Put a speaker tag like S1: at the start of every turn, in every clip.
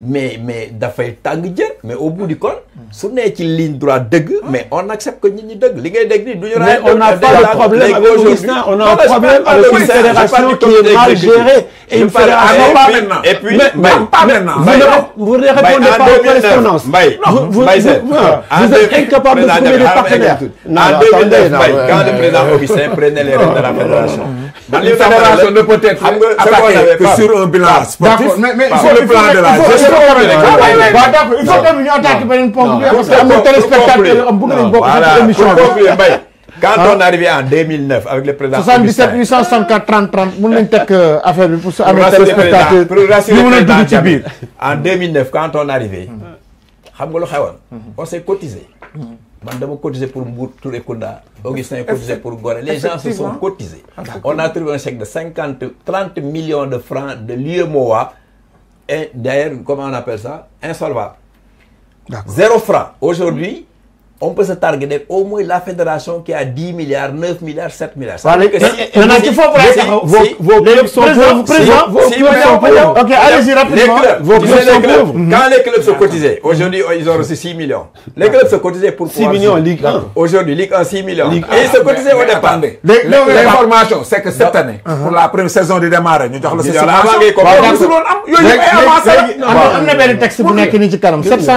S1: mais mais dafay tàng jër mais au bout du compte su nee ci ligne droite deug ah. mais on accepte que nit ñi deug li ngay deug ni duñu ñu. on a pas de problème avec Augustin on a un problème avec une fédération qui est mal gérée. Et puis, pas maintenant.
S2: Vous ne répondez pas aux correspondances. Vous êtes incapable de trouver des partenaires. En 2009, ah, quand le président Augustin prenait les rênes de la fédération, la
S1: fédération ne
S3: peut être attaquée que sur un bilan sportif. Mais sur le plan de la gestion.
S4: Il faut ah, que nous attaquions une pompe. Parce que nous téléspectateurs, on boucle une pompe
S1: quand on arrivait en 2009 avec le président. 77 864
S4: 30 30 Vous que affaire pour. pour rassurer le président ci
S1: en 2009 quand on arrivait, arrivé. on s'est cotisé. On mm-hmm. cotisé pour Mbour Touré Kunda. Augustin cotisé pour Gorée les gens se sont cotisés. Ah, on a trouvé un chèque de 50, 30 millions de francs de l'IEMOA. et d'ailleurs, comment on appelle ça insolvable. zéro franc aujourd'hui on peut se targuer au moins la fédération qui a 10 milliards, 9 milliards, 7 milliards. que il y en a qui font pour vos, clubs sont vos clubs Ok, allez-y rapidement. Quand les clubs se cotisaient, aujourd'hui, oh, ils ont reçu 6 millions. Les clubs se cotisaient pour 6 millions, Ligue 1. Aujourd'hui, Ligue 1, 6 millions. Et ils se cotisaient au départ. L'information,
S3: c'est que cette année, uh-huh. pour la première saison de démarrage, nous avons le 700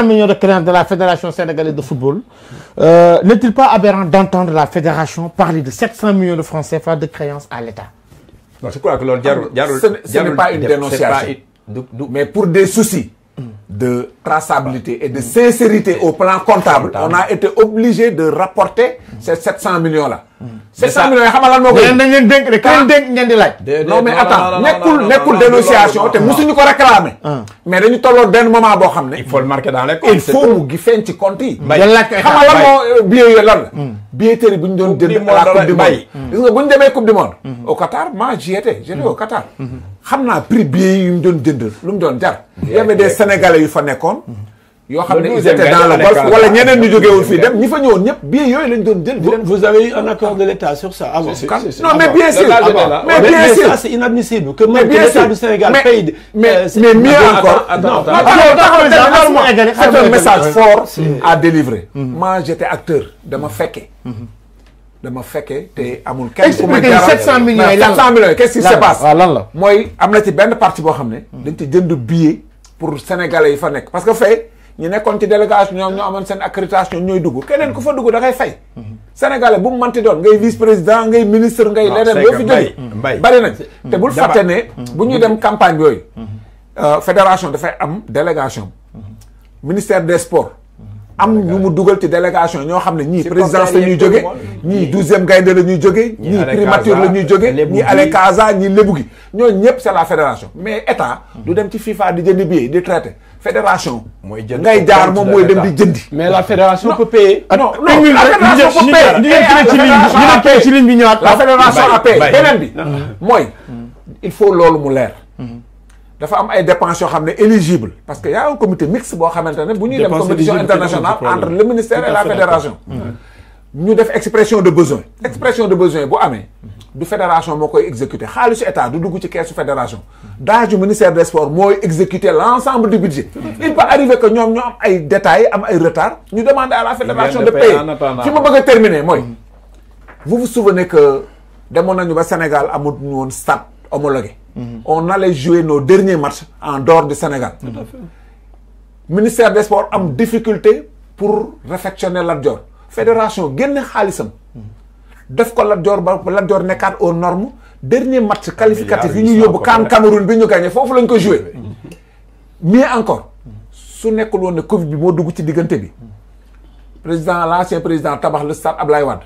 S3: millions de
S4: créances de la Fédération sénégalaise de football. Euh, n'est-il pas aberrant d'entendre la fédération parler de 700 millions de francs CFA de créances à l'État
S3: Je crois que ce, n'est pas une dénonciation. Mais pour des soucis, mm de traçabilité et de sincérité au plan comptable, on a été obligé de rapporter ces 700 millions-là. 700 hmm. millions
S1: non mais attends dénonciation peut musuñu
S3: réclamer. Ah. mais moment il faut le marquer dans les comptes. il faut compte euh, la hmm. coupe du monde. du hmm. monde. au Qatar j'étais au Qatar. y des Sénégalais yu fa nekkoon. yoo xam ne ils étaient dans le golfe wala ñeneen ñu jóge woon fii dem ñi fa ñëwoon ñëpp
S2: bien yooyu lañ doon jël. vous avez eu un accord de l'État sur ça avant. non mais bien sûr mais bien sûr ça c'est
S3: inadmissible. que même l'État du Sénégal paye. mais euh, mais mieux encore. non c'est un message fort à délivrer. moi j'étais acteur dama mhm. fekke. Mhm. dama fekke te amul kenn ku ma jaral 700 millions yi lan la 700 millions qu'est-ce qui se passe. waaw lan la mooy am na ci benn partie boo xam ne. Mhm. dañ ci jënd billet. pour sénégalais yi fa nekk parce que fay ñu nekkoon ci délégation ñoom ñoo amoon seen accréditation ñooy dugg keneen ku fa dugg dangay ngay fay sénégalais bu mu manti doon ngay vice président ngay ministre ngay leneen yoo fi jóge bari nañ te bul fàtte ne mm-hmm. bu ñuy dem campagne yooyu
S5: mm-hmm.
S3: euh, fédération dafay am délégation
S5: mm-hmm.
S3: ministère des sports am ñu mu dugal ci délégation ñoo xam ne ñii présidence la ñuy joge ñii douzième gaynde la ñuy joge ñii primature la ñuy jóge ñii ale Casa ñii lébu gi ñoo ñëpp c'est la fédération mais état du dem ci FIFA di jëndi billet di traité fédération mooy jënd ngay jaar moom mooy dem di jëndi mais la fédération peut payer non non la fédération la fédération a payé beneen bi mooy il faut loolu mu leer dafa am ay dépenses yoo xam éligible parce qu'il y a un comité mixte boo xamante ne bu dem compétition internationale entre le ministère et la fédération mmh. ñu def expression de besoin expression de besoin bu amee du fédération moo koy exécuter xaalisu état du dugg ci caisse fédération Dans du ministère des sports mooy exécuter l'ensemble du budget il peut arriver que nous ñoo am ay détails am ay retard ñu demander à la fédération de payer Je ma bëgg a terminer mmh. vous vous souvenez que demoon nañu ba Sénégal amut ñu woon stade homologué Mm-hmm. on allait jouer nos derniers matchs en dehors du Sénégal. Tout mm-hmm. ministère des sports am difficulté pour réfectionner Lat La fédération génne xaalisam. Mm-hmm. def ko Lat Dior ba Lat aux normes dernier match qualificatif il ñu yóbbu CAN Cameroun bi ñu gagné foofu lañ ko jouer. mieux encore su nekkul ne Covid bi moo dugg ci diggante bi président l'ancien président tabax le stade Ablaye Wade.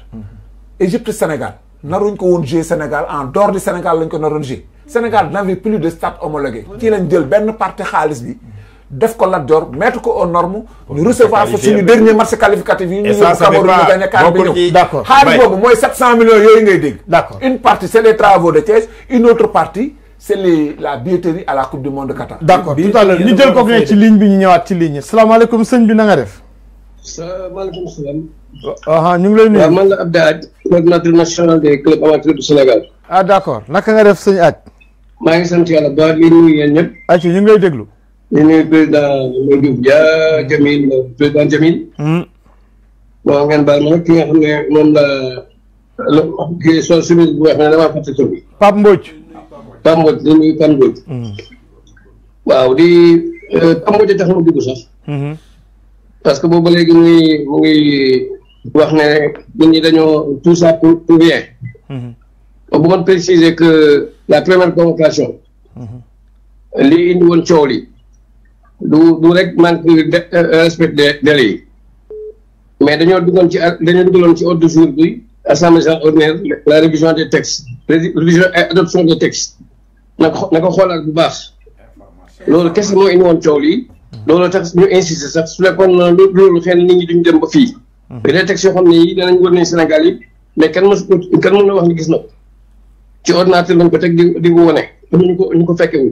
S3: Égypte Sénégal naruñ pas woon jouer Sénégal en dehors du Sénégal lañ ko naroon Sénégal n'avait plus de stade homologué ci lañ jël benn partie xaalis bi def ko Lat Dior mettre ko aux normes ñu recevoir fa suñu dernier match qualificatif yi ñu ñëw Cameroun ñu gagné CAN bi d'accord xaalis boobu mooy 700 millions yoy ngay dégg d'accord une partie c'est les travaux de Thiès une autre partie c'est les la billetterie à la coupe du monde de Qatar d'accord tout à l'heure ñu jël ko ci ligne
S4: bi ñu ñëwaat ci ligne salam alaykoum sëñ bi na nga def
S3: salaamaaleykum salaam aha
S4: ñu ngi lay nuyu waaw man la Abdou Hadj coordinateur national des clubs amateurs du Sénégal ah d'accord naka nga def
S6: sëñ Hadj maa ngi sant yàlla baax di nuyu yéen ñëpp. ayca ñu ngi lay déglu. ñu nuyu président Mamadou Diouf Dia Jamil président Jamil. bon ngeen baal ma nag ki nga xam ne la la kii soo simis bu wax ne damaa fàtte tur bi. Pape Mbodj. Pape Mbodj di nuyu Pape Mbodj. waaw di Pape Mbodj tax ma dugg sax. parce que boobu léegi mu ngi mu ngi wax ne nit ñi dañoo tout ça pour pour rien. bu ma préciser que la ya, première convocation li indi won ciow li du du rek manque eh, eh, respect de délais yi mais dañu dugon ci dañu dugulon ci ordre du jour bi assemblée générale ordinaire la révision des textes révision et adoption des textes na ko na bu baax Lolu kess mo indi won ciow li Lolu tax ñu insister sax su lekon na loolu nit ñi duñ dem ba fi. Bi mhm. textes yoo xam ne yi Sénégal yi mais kan mo kan mo wax ni gis na ko ci ordinateur lañ ko tek di di woné ñu ko ñu ko wu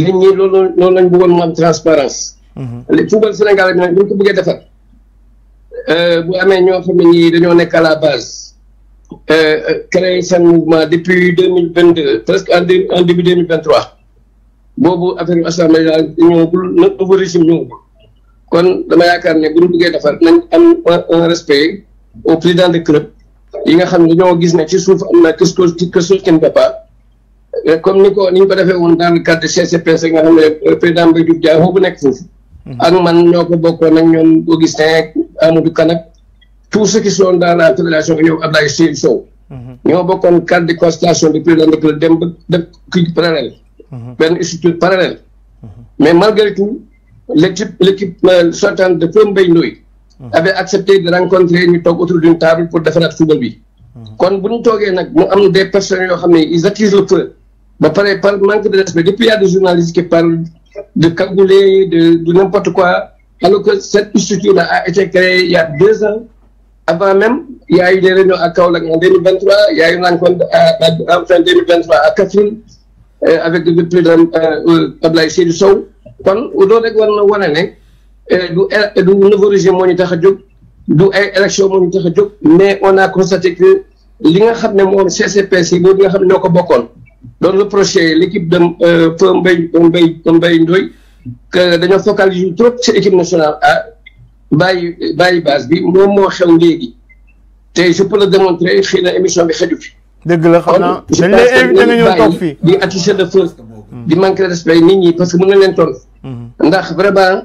S6: li ñi lolu lolu lañ bëggoon mu am transparence mhm. li football sénégalais bi nak ñu ko bëggee euh bu amé ño xamni ñi dañoo nekk à la base euh, euh, créé seen mouvement depuis 2022 presque en début en début deux mille affaire assemblée daal ñëwagul na nouveau régime ñëwagul kon dama yaakaar ne buñ bëggé defar nañ am un respect au président de club yi nga xam ne ñoo gis ne ci suuf am na kës kës suuf kenn départ comme ni ko ni ñu ko defee woon dans le cadre de CCPC nga xam ne président Mbaye Diouf Dia foofu nekk foofu. Mhm. ak man ñoo ko bokkoon ak ñoom Augustin ak Amadou Kanak tous ceux qui sont dans la fédération ñoom Abdoulaye Seydou Sow. Mhm. ñoo bokkoon cadre de constatation du président de dem ba def kii parallèle. Mhm. benn structure parallèle. mais malgré tout l' équipe l' équipe euh, sortante de Mbaye Ndoye Mhm. avait accepté de rencontrer une autour d'une table pour défendre tout football lui. Quand vous nous a des personnes qui ont ils attisent le feu. ba pare par manque de respect depuis il y a des journalistes qui parlent de cagouler, de n'importe quoi alors que cette structure a été créée il y a deux ans. avant même il y a eu des réunions à Kaolak en 2023 il y a eu une rencontre à, 2023 à Kafin, euh, avec le président euh, euh, Abdoulaye Seydou quand kon loolu rek war na du du nouveau régime moo ñu tax a jóg du ay élection moo ñu tax mais on a constaté que li nga xam ne moom CCPC boobu li nga xam ne ñoo ko bokkoon doon reproché l' équipe de Feu mbay Mbaye Mbaye Ndoye que dañoo focaliser trop ci équipe nationale A ah, bàyyi bàyyi base bi moom moo xew léegi te je peux le démontrer xëy émission bi xaju fi. dëgg la xam naa dañ lay invité nga ñëw toog fii di attiser le feu. Mm. di manquer respect nit que mën na leen toll. Mm-hmm. ndax vraiment.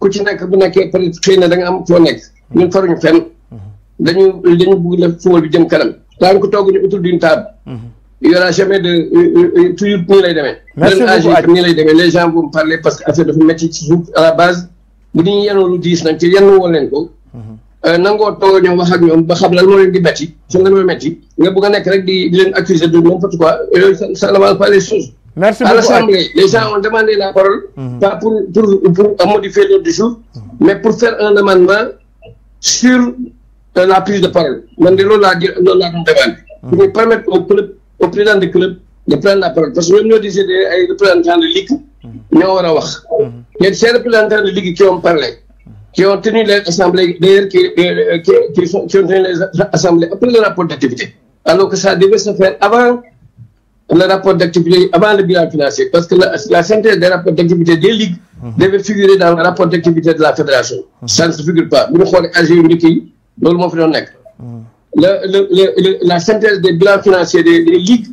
S6: ku ci nekk bu nekkee peut être na da am foo nekk ñun faruñu fenn dañu dañu bug la football bi jëm kanam daan ko togg ñu autour d'une table mhm. il y aura jamais de euh, euh, euh, toujours nii lay demee beneen âge yi lay demee les gens vont parler parce que affaire dafa métti ci suuf à la base bu ñu yenoo lu diis nag ci yenn woon leen ko mhm. nangoo toog ñoom wax ak ñoom ba xam lan moo leen di métti xam lan moo métti nga bugg a nekk rek di di leen accuser de n'importe quoi yooyu ça n'avance pas les Merci à l'Assemblée, les gens ont demandé la parole, mhm. pas pour, pour, modifier l'ordre du jour, mais pour faire un amendement sur la prise de parole. Mandelo l'a demandé. Mhm. Pour permettre au, au président du club de prendre la parole. Parce que nous disions les représentants de Ligue, Il y a des mhm. représentants de Ligue qui ont parlé, qui ont tenu l'Assemblée d'ailleurs, qui, qui, qui, ont tenu les après le rapport d'activité. Alors que ça devait se faire avant le rapport d'activité avant le bilan financier, parce que la, synthèse des rapports d'activité des ligues mhm. devait figurer dans le rapport d'activité de la fédération. Mhm. Ça ne se figure pas. Nous avons mhm. la synthèse des bilans financiers des, ligues,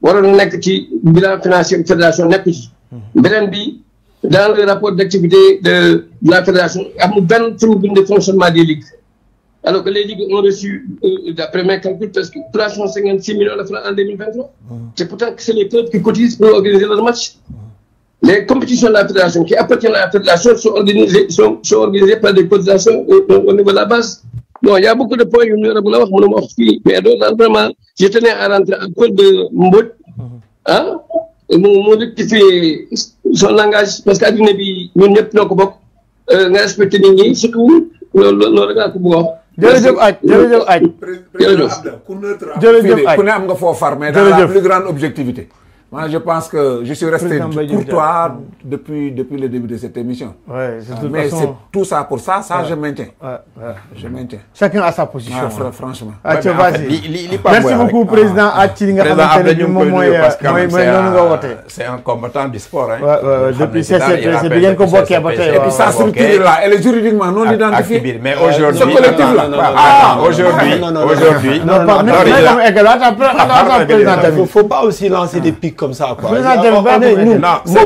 S6: le bilan ci bilan financier fédération nekk ci. beneen dans le rapport d'activité de, la fédération y y a un de fonctionnement des ligues alors que les ligues ont reçu, euh, d'après mes calculs, presque 356 millions de francs en 2021. Mmh. C'est pourtant que c'est les clubs qui cotisent pour organiser leurs matchs. Mmh. Les compétitions de la fédération qui appartiennent à la fédération sont organisées, par des cotisations au, niveau de la base. Bon, il y a beaucoup de points, nous avons, mais d'autres, vraiment, je tenais à rentrer à peu de Mbout, hein, mon, mon qui fait son langage, parce qu'à Guinée, nous n'avons pas respecté les gens, surtout, nous regardons jërëjëf aj jërëjëf aj jërëjëf ku
S3: ne am nga foo far mais dans la grande objectivité Moi, je pense que je suis resté courtois depuis, depuis le début de cette émission. Ouais, mais façon... c'est tout ça pour ça, ça je maintiens. Ouais, je maintiens. Chacun a sa position.
S1: franchement.
S4: Merci beaucoup,
S1: Président Attilinga. C'est un combattant du sport. Depuis c'est bien qu'on voit qu'il a voté. Et puis sa structure-là,
S3: elle est juridiquement non identifiée. Mais aujourd'hui. Ce collectif-là. Aujourd'hui.
S2: Il ne faut pas aussi lancer des pics comme ça, quoi. Président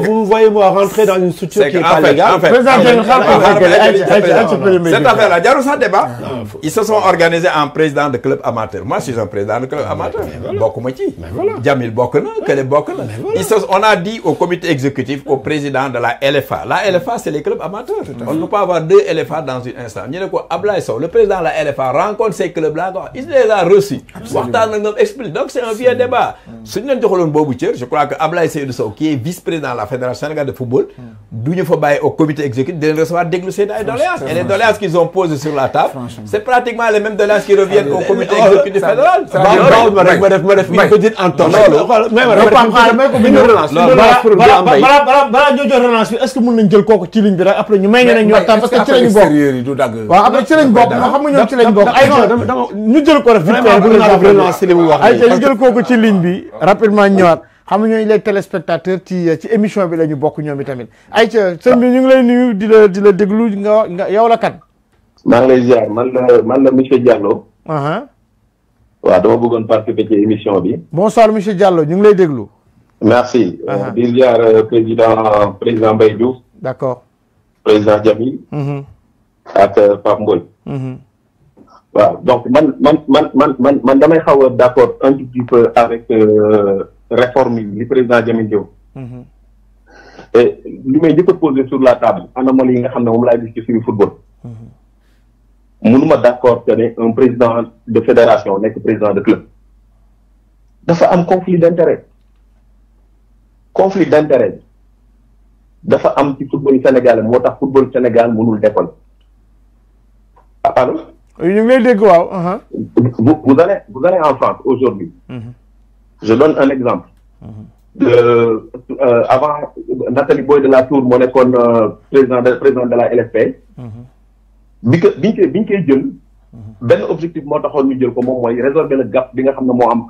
S2: vous voyez, moi, rentrer dans une structure qui n'est pas légale. En fait, cette affaire-là,
S1: Diarou, un débat, ils se sont organisés en président de club amateur. Moi, je suis un président de club amateur. Djamil les On a dit au comité exécutif, au président de la LFA. La LFA, c'est les clubs amateurs. On ne peut pas avoir deux LFA dans une instance. Le président de la LFA rencontre ces clubs-là, il les a reçus. Donc, c'est un vieux débat. Si nous avons je crois que Ablaye qui est vice-président de la Fédération de football doit être au comité exécutif de recevoir recevoir glossés dans les et les doléances qu'ils ont posées sur la table c'est pratiquement les mêmes doléances qui reviennent au comité exécutif fédéral est-ce
S4: que vous jël après ne parce
S3: que ci lañ bokk après ci lañ
S4: bokk ñu jël xam nga ñooy les téléspectateurs ci ci émission bi la ñu bokk ñoom itamit. ay ca sëñ bi ñu ngi lay nuyu di la di la déglu nga nga yow la kan.
S6: maa ngi lay ziar man la man la monsieur Diallo. Uh-huh. waaw dama bëggoon participer ci émission bi.
S4: bonsoir monsieur Diallo ñu ngi lay déglu.
S6: merci. Uh-huh. di ziar euh, président président Mbaye Diouf. d' accord. président Diaby. Mm-hmm. ak euh, Pape Mbol. Mm-hmm. waaw donc man man man man man man damay xaw a d' accord un petit avec. Euh, réforme yi li président Jamil Diop. Mhm. may njëkk a sur la table anomalie yi nga xam ne moom laay gis ci football. Mhm. mënuma d'accord que ne un président de fédération nekk président de club. dafa am conflit d'intérêt conflit d'intérêt dafa am ci football Sénégal moo tax football Sénégal mënul décoller. allo. Ah, uh-huh. vous vous vous allez en France aujourd'hui. Mhm. Je donne un exemple. Euh, avant, Nathalie Boy de la Tour, mon euh, école président, de, la LFP, Bien objectif le gap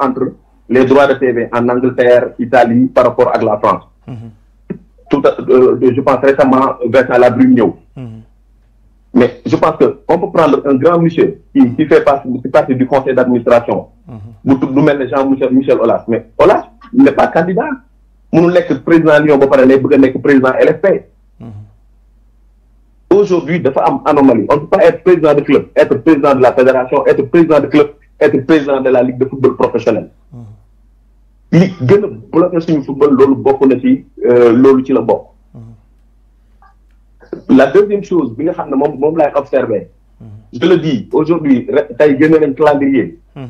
S6: entre les droits de TV en Angleterre Italie par rapport à la France. Mhm. Euh, je pense récemment vers la Brunio. Mais je pense qu'on peut prendre un grand monsieur qui, fait partie, du conseil d'administration. Nous mettons les gens Michel, Michel Olas. Mais Olas n'est pas candidat. Nous n'est que président Lyon, n'est que président LFP. Mhm. Aujourd'hui, de façon anomalie. On ne peut pas être président de club, être président de la fédération, être président de club, être président de la Ligue de football professionnel. Mhm. Ligue de football, le football, le football, le football, le football, la deuxième chose bi nga mhm. je le dis aujourd'hui as gagné un calendrier mhm.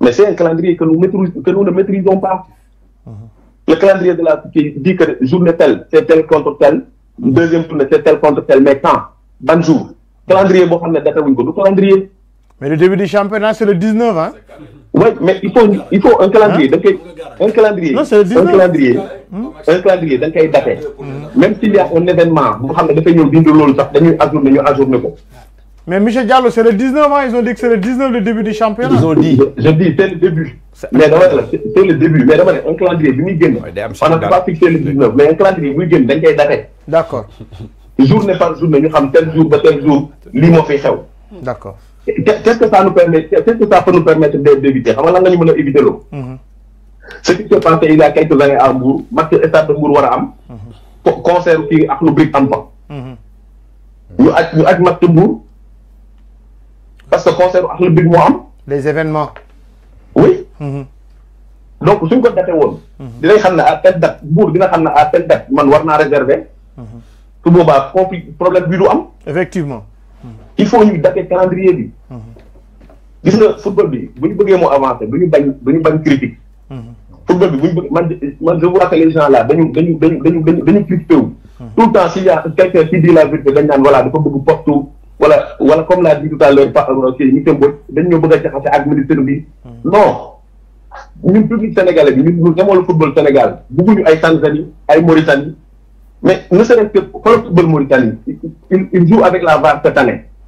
S6: mais c'est un calendrier que nous ne maîtrisons pas mhm. le calendrier de la qui dit que journée tel, c'est tel contre tel deuxième journée c'est tel contre tel mais quand le jour calendrier boo xam ko du calendrier mais le début du
S4: championnat, c'est le 19, hein
S6: Oui, mais il faut, il faut un calendrier. Hein? un calendrier. Un calendrier. Hein? Un calendrier, il daté. Hein? Même s'il y a un événement, vous savez, il faut que nous ça, nous jour nous
S4: Mais Michel Diallo, c'est le 19, ans, ils ont dit que c'est le 19 le début du championnat. Ils ont dit. Je, dis, c'est le début. Mais c'est le début. Mais d'abord, un calendrier,
S6: on n'a pas fixé le 19, mais un calendrier, oui, donc il daté. D'accord. Journée par journée, nous savons tel jour, tel jour, l'Imo fait ça. D'accord. qu'est-ce que ça nous permet, c'est ce que ça peut nous permettre d'éviter Comment nous pouvons éviter l'eau Ce qui s'est passé il a quelques années à parce que de wara am, concert qui a le brique en bas. Nous avons acte Mbour, parce que concert a brique mo am. Les événements. Oui. Mhm. Donc, vous avez daté, vous savez à telle date, Mbour, vous savez à telle date, man warna réserver.
S5: Mhm.
S6: a du am. Effectivement. il faut ñu dakkee calendrier bi. Mhm. gis nga football bi buñu bëggé mo avancer buñu bañ buñu bañ critique. Mhm. football bi buñu man man je vois que les gens là dañu dañu dañu dañu dañu wu. Mhm. tout temps s'il y a quelqu'un qui dit la vérité dañ naan voilà dafa bëgg porte wala wala comme l'a dit tout à l'heure pa kii ñu tëmbal dañ ñu bëgg a jaxase ak ministre bi. non ñun public sénégalais bi ñun ñun ñamoon football Sénégal bëgguñu ay Tanzanie ay Mauritanie mais ne serait-ce que le football Mauritanie il il joue avec la VAR cette année.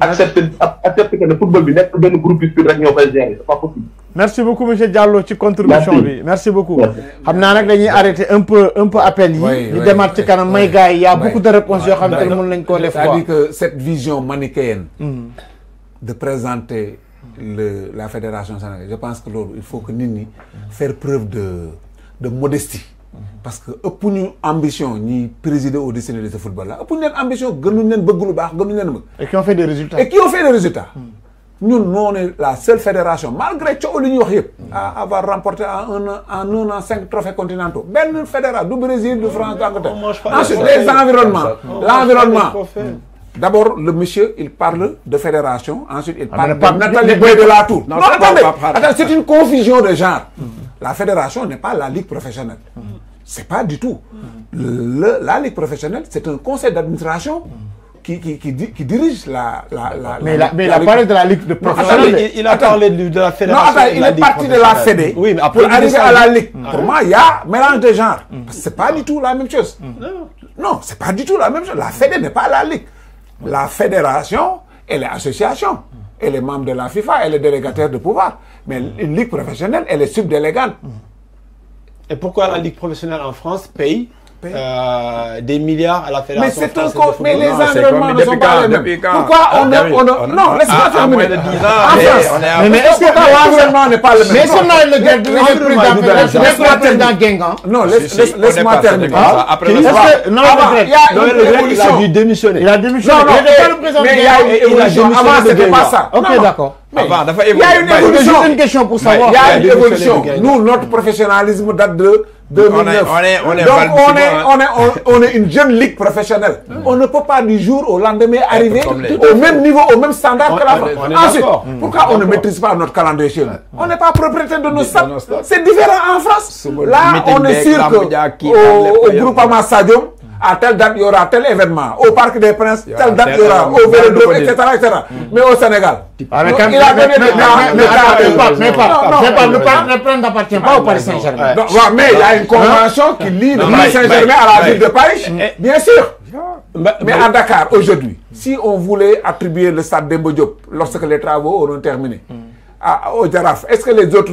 S4: accepter accepter que le football bi pas benn groupe bi rek ñoo koy c'est pas possible. merci beaucoup monsieur Diallo ci contribution bi merci beaucoup xam naa dañuy arrêter un peu un peu appel yi il demaat ci kanam may gars il y a beaucoup de réponses yoo xam ne mën nañ c'est-à-dire
S3: que cette vision manichéenne hmm. de présenter le la fédération sénégalaise je pense que il faut que Nini fasse faire preuve de de modestie parce que pour nous ambition de présider au dessin de ce football là ëpp ñu leen ambition gënuñ leen bëgg lu baax gënuñ et qui ont fait des résultats. et qui ont fait des résultats. Hmm. Nous, nous la seule fédération malgré tout li hmm. à avoir remporté en un en cinq trophées continentaux Belle fédération du Brésil du France d'Angleterre. ensuite les environnements. l'environnement. Hmm. D'abord, le monsieur, il parle de fédération, ensuite il ah, parle de Nathalie Boy de la Tour. Non, attendez, c'est une confusion de genre. La fédération n'est pas la ligue professionnelle. C'est pas du tout. la ligue professionnelle, c'est un conseil d'administration. Qui, qui, qui, dirige la, la, la Mais, la, mais il a de la Ligue de professionnels. il, a parlé
S2: de, de la Fédération. Non, attends, il est parti de la Fédé pour arriver à la Ligue. Pour moi, il y
S3: a mélange de genres. Mm. Ce C'est pas du tout la même chose. Mm. Non, Non, c'est pas du tout la même chose. La Fédé n'est pas la Ligue. La Fédération, elle est association. Mm. Elle est membre de la FIFA, elle est délégataire de pouvoir. Mais une Ligue professionnelle, elle est subdélégante. Et pourquoi la Ligue professionnelle en France paye
S2: euh, des milliards à la Fédération Mais c'est encore, mais les environnements ne sont pas les mêmes. Pourquoi on ah, est... on a, ah, non, laisse-moi ah, terminer. En France, mais est-ce que l'environnement
S7: n'est
S5: pas le même Mais si on a le président, laisse-moi terminer. Guingamp. Non, laisse-moi
S4: terminer. Après, non, il a dû démissionner. Il a démissionné. Non, non,
S1: mais il a démissionné. Avant, c'était pas ça. Ok, d'accord il y a une évolution question pour savoir. il y a une évolution
S3: nous notre professionnalisme date de. 2009 donc on est on est on est une jeune ligue professionnelle. on ne peut pas du jour au lendemain arriver au même niveau au même standard que la France. ensuite hmm. pourquoi on ne maîtrise pas notre calendrier chez nous. on n'est pas propriétaire de nos stades. c'est différent en France. là on est sûr que au groupe Stadium à telle date, il y aura tel événement. Au Parc des Princes, telle date, il y aura. Au Vélodrome, etc. etc. Mais au Sénégal. Ah, il a donné Mais pas, le Parc
S4: des Princes n'appartient pas au Paris Saint-Germain. Mais il y a une convention
S3: qui lie le Paris Saint-Germain à la ville de Paris, eh, eh. bien sûr. Mais à Dakar, aujourd'hui, si on voulait attribuer le stade de d'Embo lorsque les travaux auront terminé, mm. au Jaraf, est-ce que les autres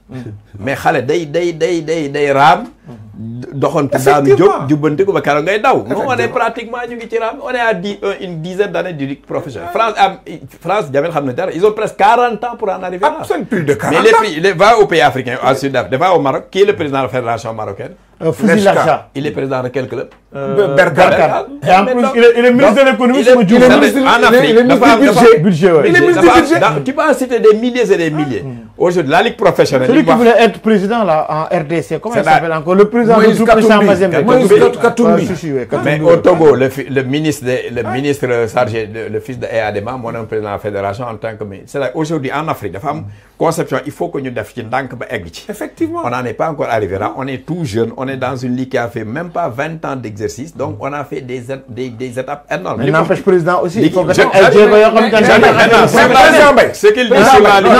S1: mais xale day day day day day raam. doxantu daanu jóg jubbanti ko ba daw. on est pratiquement ñu ngi ci on est à euh, une dizaine d'années années du professeur France ils ont presque 40 ans pour en arriver là. absolument plus de quarante ans mais les pays les va au pays africain, au sud afrique va au Maroc qui est le président de la fédération marocaine. Euh, Fouzi Il est président de quel club euh, Et en plus, il est, ministre de l'économie, En Il est ministre du budget. Il est ministre du budget. Tu peux en citer des milliers et des ah. milliers. Hmm. Aujourd'hui, la Ligue professionnelle. Celui qui voulait
S4: être président là, en RDC, comment il s'appelle
S1: encore Le président Moïse de Mais au Togo, le, ministre, le ministre le fils de Eadema, moi, suis président de la fédération en tant que ministre. Aujourd'hui, en Afrique, la femme, conception, il faut que nous défions Effectivement. On n'en est pas encore arrivé là. On est tout jeune. On est dans une Ligue qui a fait même pas 20 ans d'exercice. Donc, on a fait des, des, étapes énormes. Mais n'empêche,
S4: président aussi. Il faut que... Ce qu'il dit
S1: sur la Ligue.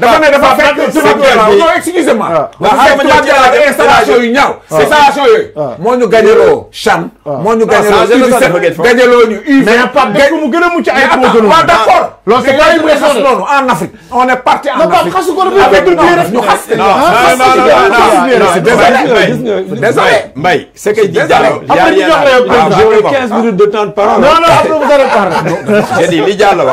S1: dafa ne dafa fekk tubaab bi non excusez
S3: moi. waaw xaaral ma ñëw ci laaj installation yu ñaaw. installation yooyu. moo ñu gañeloo Chan. moo ñu gañeloo gañeloo ñu UV. mais Pape dëkk mu gën a mucc ay koo gënoon. waaw d'accord. loolu c'est yooyu muy non. noonu en Afrique. on est parti en Afrique. xasu ko dafa fekk rek ñu xas. non non non
S1: non désolé Mbaye c'est que Diallo après 15 minutes
S3: de temps de parole. non non après vous allez
S1: parler. j'ai dit li Diallo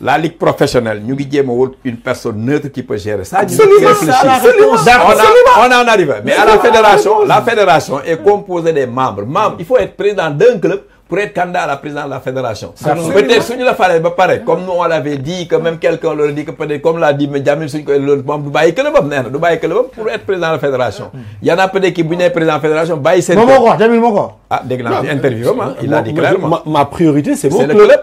S1: wax professionnel, professionnelle ñu ngi une personne neutre qui peut gérer ça. réfléchir. on en arrive mais à la fédération la fédération est composée des membres il faut être président d'un club. pour être candidat à la présidence de la fédération. peut-être suñu la ba comme nous on l'avait dit que même quelqu'un leur dit que comme l'a dit Jamil suñ koy loolu moom du pour être président de la fédération. Il y en a peut-être qui bu président de la fédération Bah seen. moo ko
S2: wax
S1: ah dégg interview hein. il a dit clairement.
S2: ma priorité c'est mon club.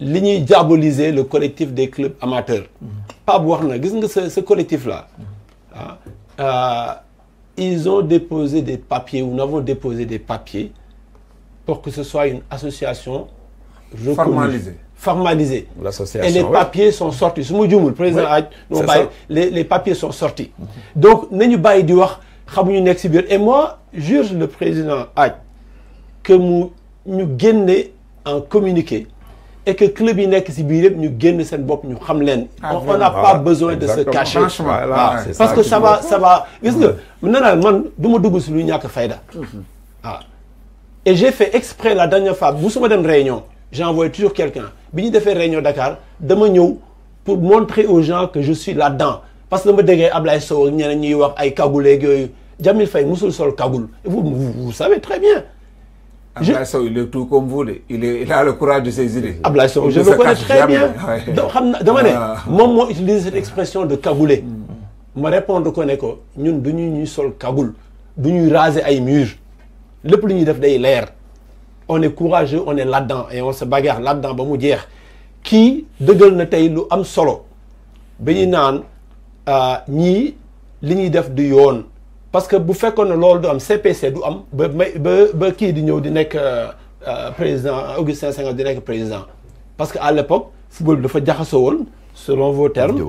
S2: Ligne diabolisée le collectif des clubs amateurs Pas ce collectif là ah, euh, ils ont déposé des papiers ou nous avons déposé des papiers pour que ce soit une association formalisée formalisée
S1: et les papiers
S2: sont sortis ah, les papiers sont sortis donc nous avons di et moi juge le président Haït que nous ñu un en communiqué et que club yi nek ci biir yëpp ñu genn sen bop ñu xam leen. Ah, on n'a pas besoin de se cacher. Ah, parce que ça va ça va gis nga nee naa man du dugg si lu fayda. Mhm. Ah. et j'ai fait exprès la dernière fois bu suma une dem réunion j'ai envoyé toujours quelqu'un biñu ñu réunion Dakar dama ñëw pour montrer aux gens que je suis là-dedans parce que dama déggee Ablaye Sow ak ñeneen ñuy wax ay kaguleeg yoy Jamil fay musul sol kagul vous vous savez très bien.
S3: Ablaye il est tout comme vous il est il a le courage de ses idées. Ablaye je le connais très bien donc xam na dama ne ah. moom utiliser cette expression de cagoulé. Mm. ma répondre
S2: ko ne nous ñun sommes ñuy sol cagoule du ñuy raser ay murs lépp lu ñuy def day on est courageux on est là-dedans et on se bagarre là-dedans ba mu jeex qui, dëggal na tey lu am solo ba ñu mm. naan euh, ñii li ñuy def du parce que vous faites qu'on l'ordre l'ordre am CPC du am ba ki di ñeu di euh, euh, président Augustin Senghor di président parce que à l'époque football dafa jaxasoo selon vos termes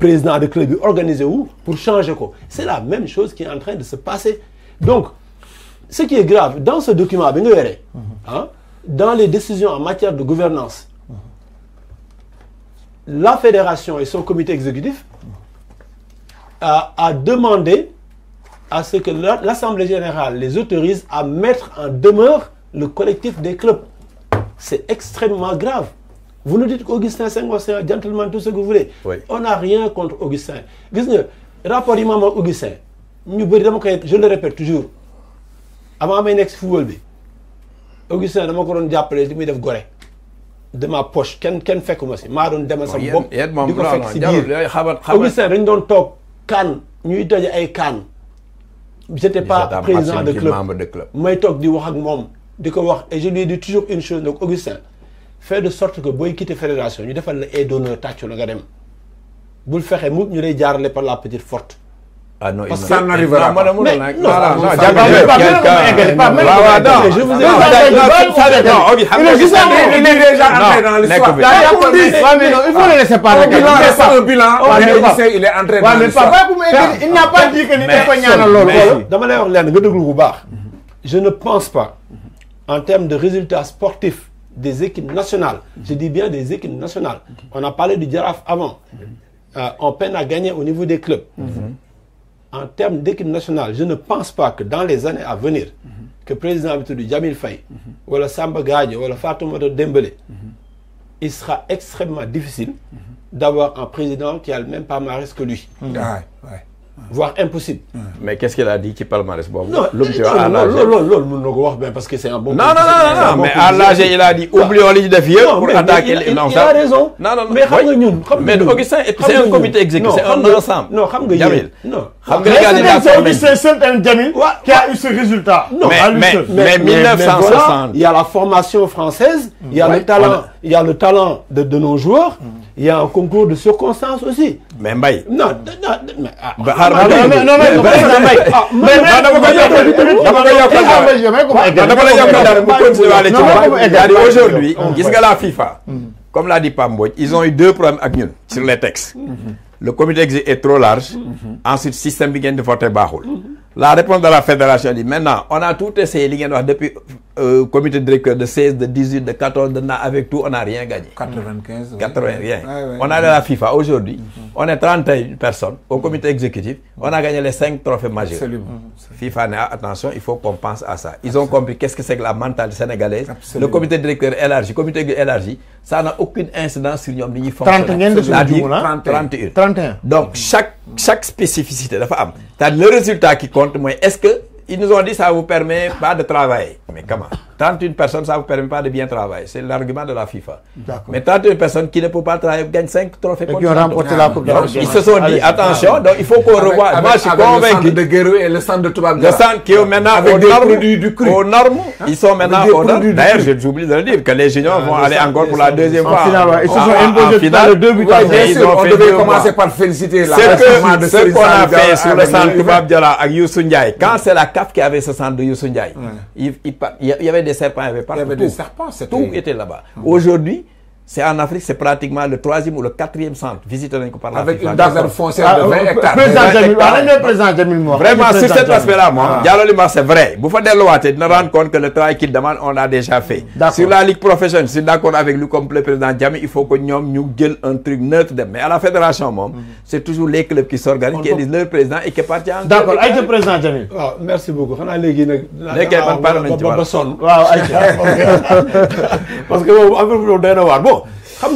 S2: président de club organisé où pour changer quoi c'est la même chose qui est en train de se passer donc ce qui est grave dans ce document bi nga mhm. hein, dans les décisions en matière de gouvernance la fédération et son comité exécutif a, a demandé à ce que l'Assemblée générale les autorise à mettre en demeure le collectif des clubs. C'est extrêmement grave. Vous nous dites qu'Augustin Senghor, c'est un gentleman, tout ce que vous voulez. On n'a rien contre Augustin. Vous rapport imam Augustin, je le répète toujours, avant mes ex football, Augustin, je me appelé, je me goré de ma poche, ken ken fekkuma ci ma doon demal oh, sama bop diko Augustin dañ doon tok kan ñuy dajé ay j'étais pas président de club may toog di wax ak moom di ko wax et je lui ai dit toujours une chose donc Augustin fais de sorte que booy quitter fédération ñu defal la aide d'honneur tàccu la nga dem bul fexe mu ñu lay jaarale par la petite forte
S1: ah non, ça n'arrivera pas. Non, non, Il est entré dans
S3: Il faut le laisser parler. Il est Il
S4: a pas dit que
S2: mhm. Je ne pense pas, en termes de résultats sportifs des équipes nationales, mhm. je dis bien des équipes nationales, on a parlé du Giraffe avant, on mhm. euh, peine à gagner au niveau des clubs en termes d'équipe nationale, je ne pense pas que dans les années à venir, mhm. que le président Abitoudi, Jamil Faye, ou le Samba Gagne, ou le Fatoumata Dembélé, mhm. il sera extrêmement difficile mhm. d'avoir un président qui a le même risque que lui voire
S1: impossible. mais qu'est-ce qu'il a dit qui parle là non non. Non, non, non, ah. Non, non
S2: non non non mais à il a dit oublions non vieux non mais il a raison.
S1: non non mais non non c'est un comité exécutif c'est un ensemble. non non. non un
S4: non qui a eu ce résultat. non mais
S2: 1960. il y a la formation française. il y a le talent il y a le talent de, nos joueurs, il y a un concours de circonstances aussi. Mais Non, non, non. Ah, bah, ah, non, non,
S1: aujourd'hui, bah, ah, la FIFA. Comme l'a dit Pamboy, ils ont eu deux problèmes avec non, sur les textes. Mm-hmm. Le comité est trop large. Mm-hmm. Ensuite, système bi non, la réponse de la fédération dit maintenant on a tout essayé depuis le euh, comité directeur de 16 de 18 de 14 de avec tout on n'a rien gagné. 95 80 rien. on a de la FIFA aujourd'hui mm-hmm. on est 31 personnes au comité exécutif on a gagné les 5 trophées majeurs. Absolument. Mm-hmm. FIFA ah, attention il faut qu'on pense à ça. Ils ont compris qu'est-ce que c'est que la mentale sénégalaise. Le comité directeur élargi comité élargi ça n'a aucune incidence sur nous. ni de fonctionner. 31 31 donc chaque chaque spécificité cest le résultat qui compte est-ce qu'ils nous ont dit ça vous permet pas de travailler mais comment tant une personne, ça ne vous permet pas de bien travailler. C'est l'argument de la FIFA. Mais tant une personne qui ne peut pas travailler gagne 5 trophées. Et ah, Ils se sont dit, attention, donc il faut qu'on revoie. Moi, je suis convaincu. Le centre
S3: de Guérou et le centre de Toubab. Le centre qui est maintenant au normes. Du, Aux
S1: normes, hein? ils sont maintenant aux normes. D'ailleurs, j'oublie de le dire, que les juniors ah, vont aller encore pour la deuxième fois. Ils se sont ah, imposés dans le deux buts On devait commencer par féliciter la Ce qu'on a fait sur le centre Toubab Diala avec Youssou Ndiaye, quand c'est la CAF qui avait ce centre de Youssou Ndiaye, il y avait des des serpents, il y avait partout. Il y avait des serpents, tout était là-bas. Mmh. Aujourd'hui, c'est en Afrique, c'est pratiquement le troisième ou le quatrième centre. visitez nañ par la Avec une d'affaires foncière de 20 ah, hectares. Président Jamil,
S4: président Jamil Vraiment, sur cet aspect-là, moi, ah.
S1: Diallo Vous c'est vrai. lois, vous delluwaatee dina rendre compte que le travail qu'il demande, on l'a déjà fait. Sur la ligue professionnelle, je suis d'accord avec lui comme le président Jamil, il faut que nous ñu un truc neutre Mais à la fédération mhm. c'est toujours les clubs qui s'organisent, qui élisent leur président et qui partent en D'accord, avec
S2: le président Jamil. Ah, merci beaucoup. on a les on a parce que vous avez le doon doy xam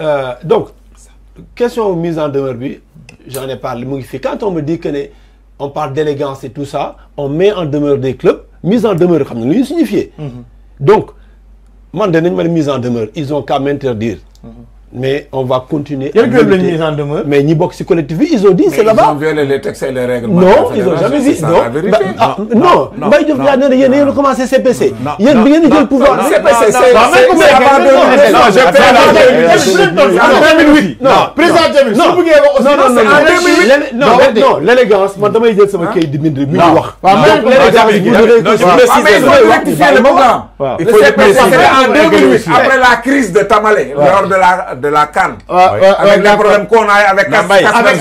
S2: euh, donc question mise en demeure j'en ai parlé quand on me dit que parle d'élégance et tout ça on met en demeure des clubs mise en demeure comme ne signifie. Mm-hmm. donc man de une mise en demeure ils ont qu'à m'interdire mm-hmm mais on va continuer. Mais ni collectif, ils ont dit c'est là-bas. Ils ont violé les textes et les règles. Non, ils n'ont jamais dit. Bah, ah, non, non. non ont CPC. Il y a le pouvoir. CPC, c'est le Non, 2008. Non, président 2008. Non, non, non. Non, non, l'élégance, hein? dire non, ah, non, non le programme.
S3: Il faut le en 2008, ah, après la crise de Tamale, lors de la de la canne
S1: ah, ah, avec ah, les problèmes
S3: qu'on a avec Henri avec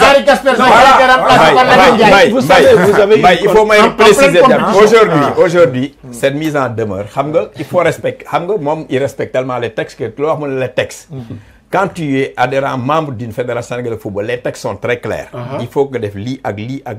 S3: Vous savez, vous avez. il faut m'en préciser aujourd'hui
S1: aujourd'hui cette mise en demeure il faut respecter il respecte tellement les textes que le le les texte mm-hmm quand tu es adhérent membre d'une fédération de football les textes sont très clairs. Uh-huh. il faut que tu lis ak lis, ak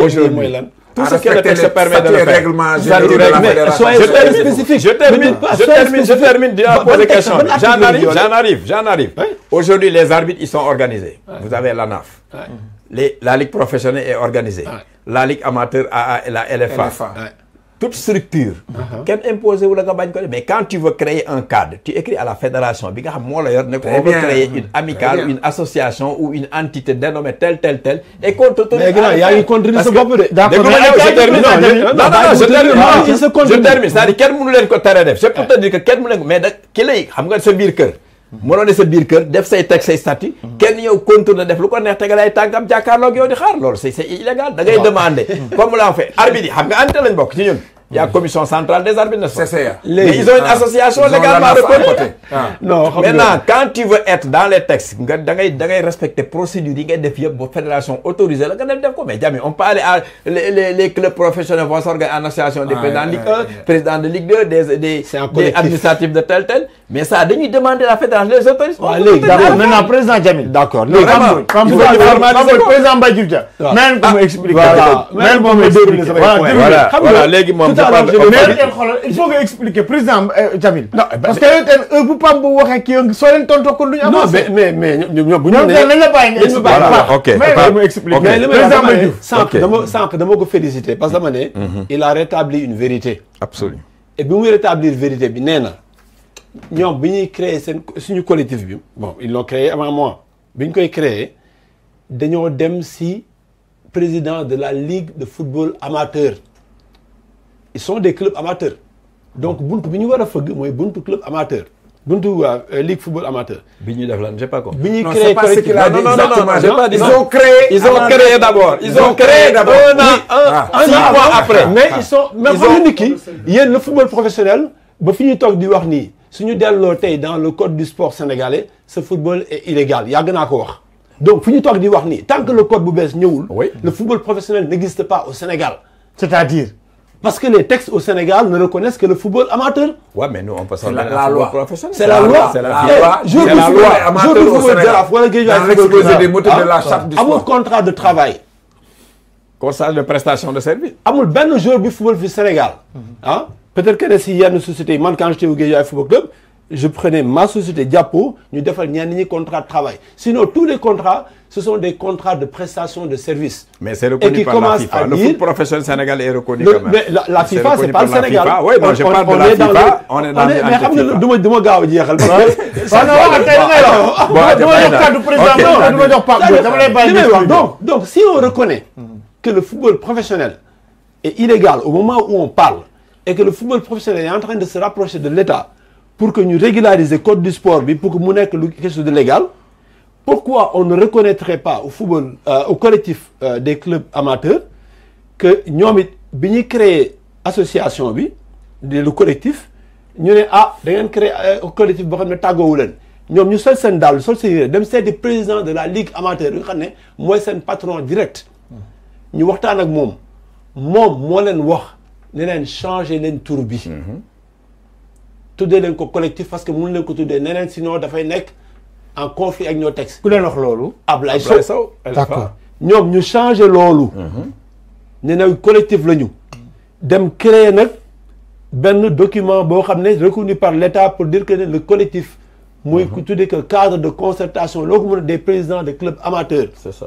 S1: aujourd'hui. tout ce que le texte permet de faire. la fédération. je
S2: termine
S1: je termine je termine je termine poser question j'en arrive j'en arrive j'en arrive. aujourd'hui les arbitres ils sont organisés. vous avez l'ANAF.
S5: NAF.
S1: la ligue professionnelle est organisée. la ligue amateur AA et la LFA toute structure. Uh-huh. kenn imposé wu la mais quand tu veux créer un cadre tu écris à la fédération bi nga veut créer une amicale une association ou une entité dénommée telle telle telle. et contre tenu mais gannaaw yaa a une
S2: sa bopp de. d'accord je termine ah, je termine je
S1: termine c'est-à-dire quel mënu leen ko tere c'est pour ah. te dire que kenn mënu mais quel est xam nga sa mënoo ne sa biir kër def say teg say statut kenn yow contourné def lu ko neex tegal ay tànkam jàkkaarloog yow di xaar loolu c'est c'est illégal da ngay demander comme la fait arbitre yi xam nga ante lañ bokk ci ñun Il y a la commission centrale des arbitres. C'est ça. Mais ils ont une ah. association légalement reconnue. Ah. Non, Maintenant, quand tu veux être dans les textes, tu dois respecter les procédures, tu dois pour la fédération autorisée. Mais jamais, on peut aller à les, les, les clubs professionnels vont s'organiser en association des ah, présidents de Ligue 1, présidents de Ligue 2, des, des, des administratifs de tel tel. Mais ça, de demander la fédération les autorisés. Allez, d'accord. Maintenant,
S4: président Jamil. D'accord. Quand vous êtes formalisé, président
S1: Badjibja. Même comme
S4: bah, expliquer. Même comme expliquer. Voilà, voilà il faut expliquer président euh, Jamil eh ben, parce que pas qui mais non mais
S2: mais mais que mhm. il a rétabli une vérité absolument et pour vérité créé ce collectif ils l'ont créé avant moi président de la ligue de football amateur ils sont des clubs amateurs donc ah. buntu biñu wara feug moy buntu club amateur. buntu euh, ligue football amateur. Biñu def
S1: lan j'ai pas compris. bi ñuy créé non non non non j'ai pas dit ils ont créé. ils ont créé d'abord ils ont créé d'abord un an un ah. mais ils sont ah. mais voyez
S2: qui Il y a le football professionnel ba fini tok di wax nii suñu dans le code du sport sénégalais ce football est illégal y a un accord. donc fini ñu toog di tant que le code bu bees le football professionnel n'existe pas au Sénégal. c'est-à-dire. Parce que les textes au Sénégal ne reconnaissent que le football amateur.
S1: Ouais, mais nous, on peut s'en la, la, loi professionnelle. C'est la, loi. C'est la, eh, loi. Je
S2: vous contrat de travail. Contrat de prestation de service. ben joueur du football au Sénégal. Mhm. Ah, peut-être que il y a une société, moi quand j'étais au Guéjaï Football Club, je prenais ma société Diapo, nous devons un contrat de travail. Sinon, tous les contrats, ce sont des contrats de prestation de services.
S1: Mais c'est reconnu par la FIFA. Le foot professionnel sénégalais est reconnu quand Mais la, FIFA, FIFA, c'est pas le Sénégal. Oui, bon, je parle de la FIFA. est
S2: Mais a de donc si on reconnaît hmm. que le football professionnel est illégal au moment où on parle et que le football professionnel est en train de se rapprocher de l'État pour que nous régularisions le code du sport pour que nous nekk quelque chose de légal pourquoi on ne reconnaîtrait pas au football euh, au collectif euh, des clubs amateurs que nous avons créé créer association bi di le collectif ñu ne ah da ngeen créer euh, collectif boo nous ne nous sommes ñoom ñu sol seen daal sol président de la ligue amateur nous sommes xam patron direct ñu waxtaan ak moom moi moi l'en wax ne changer leen tur Tout mm-hmm. tuddee collectif parce que nous leen ko tuddee neneen sinon en conflit avec nos textes. Nous leen wax loolu. Ablaye Sow d'accord Nous ñu changé Nous nous na collectif le dem créer document reconnu par l'État pour dire que le collectif. est mhm. un que cadre de concertation des présidents des clubs amateurs. C'est ça.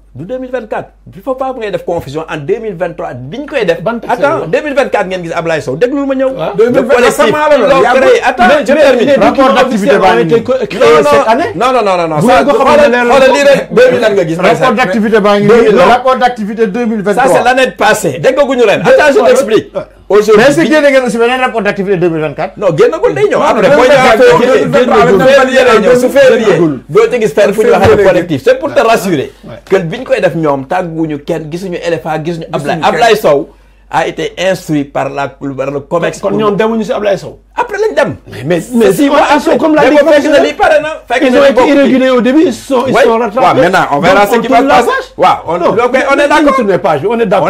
S1: du 2024 il faut pas ngay def confusion en 2023 biñ koy def. ban attends 2024 ngeen gis Ablaye Sow déglu ma ñëw. waaw 2024 la la rapport d'activité baa ngi nii cette année. non non non non ça xoolal lii rek 2000 lan nga gis. rapport d'activité baa ngi rapport
S4: d'activité 2023. ça c'est l'année passée dégg guñu ren attends je t'explique. aujourd'hui mais est-ce que génne ngeen aussi beneen rapport d'activité 2024. non génnagul day ñëw
S1: doo ci gis fenn fu ñu waxee collectif c'est pour te rassurer que biñ def ñoom tàgguñu kenn gisuñu éléphant gisuñu Ablaye Ablaye Sow a été instruit par la par le COMEX. après mais comme la. ils ont été au
S2: début ils sont ils sont maintenant on verra ce qui va se passer. on est d'accord. on est d'accord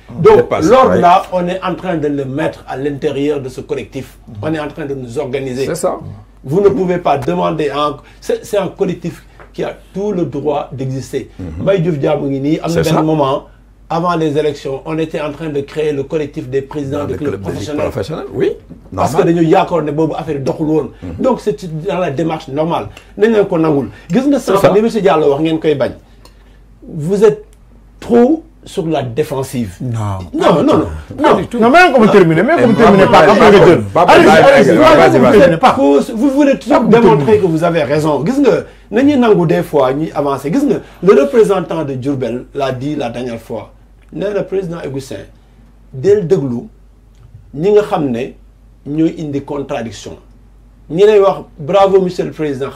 S2: Donc, l'ordre là, on est en train de le mettre à l'intérieur de ce collectif. On est en train de nous organiser. C'est ça. Vous ne pouvez pas demander C'est un collectif qui a tout le droit d'exister. Maïdouf à un moment, avant les élections, on était en train de créer le collectif des présidents de clubs professionnels. oui. Parce que nous avons des Donc, c'est dans la démarche normale. Vous êtes trop sur la défensive. Non. Non, non, non. Non, Mais comment terminer Mais comment terminer, Pas comme le par pas Vous voulez démontrer que vous avez raison. Vous des fois avancer. Le représentant de Djurbel l'a dit la dernière fois. Le président Augustin, dès le déglou, nous savons nous avons des contradictions. Nous avons bravo, monsieur le président,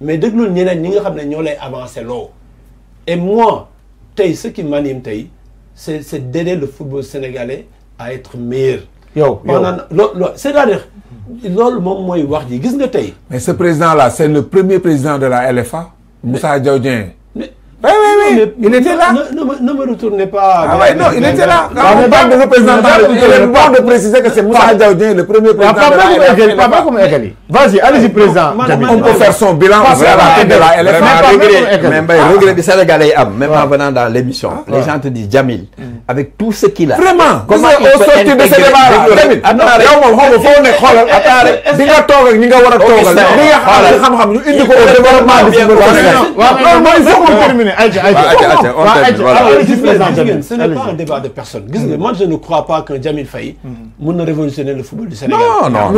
S2: mais nous avons avancé Et moi, ce qui m'anime c'est c'est d'aider le football sénégalais à être meilleur.
S3: Yo. c'est-à-dire loolu moom wax ji gis nga mais ce président là c'est le premier président de la LFA. Moussa Diaw oui, oui, il était là.
S2: Ne, me retournez pas. non, il était là. de
S3: de préciser que c'est Moussa
S1: le
S4: premier président. Papa comme Vas-y, allez-y, président. On peut faire son bilan.
S1: Même venant dans l'émission, les gens te disent Jamil, avec tout ce qu'il a. Vraiment. Comment de ce débat-là
S2: ce n'est pas un débat de personne. moi je ne crois pas qu'un Djamil Faye m'a hmm. révolutionné révolutionner le football du Sénégal. Non, non,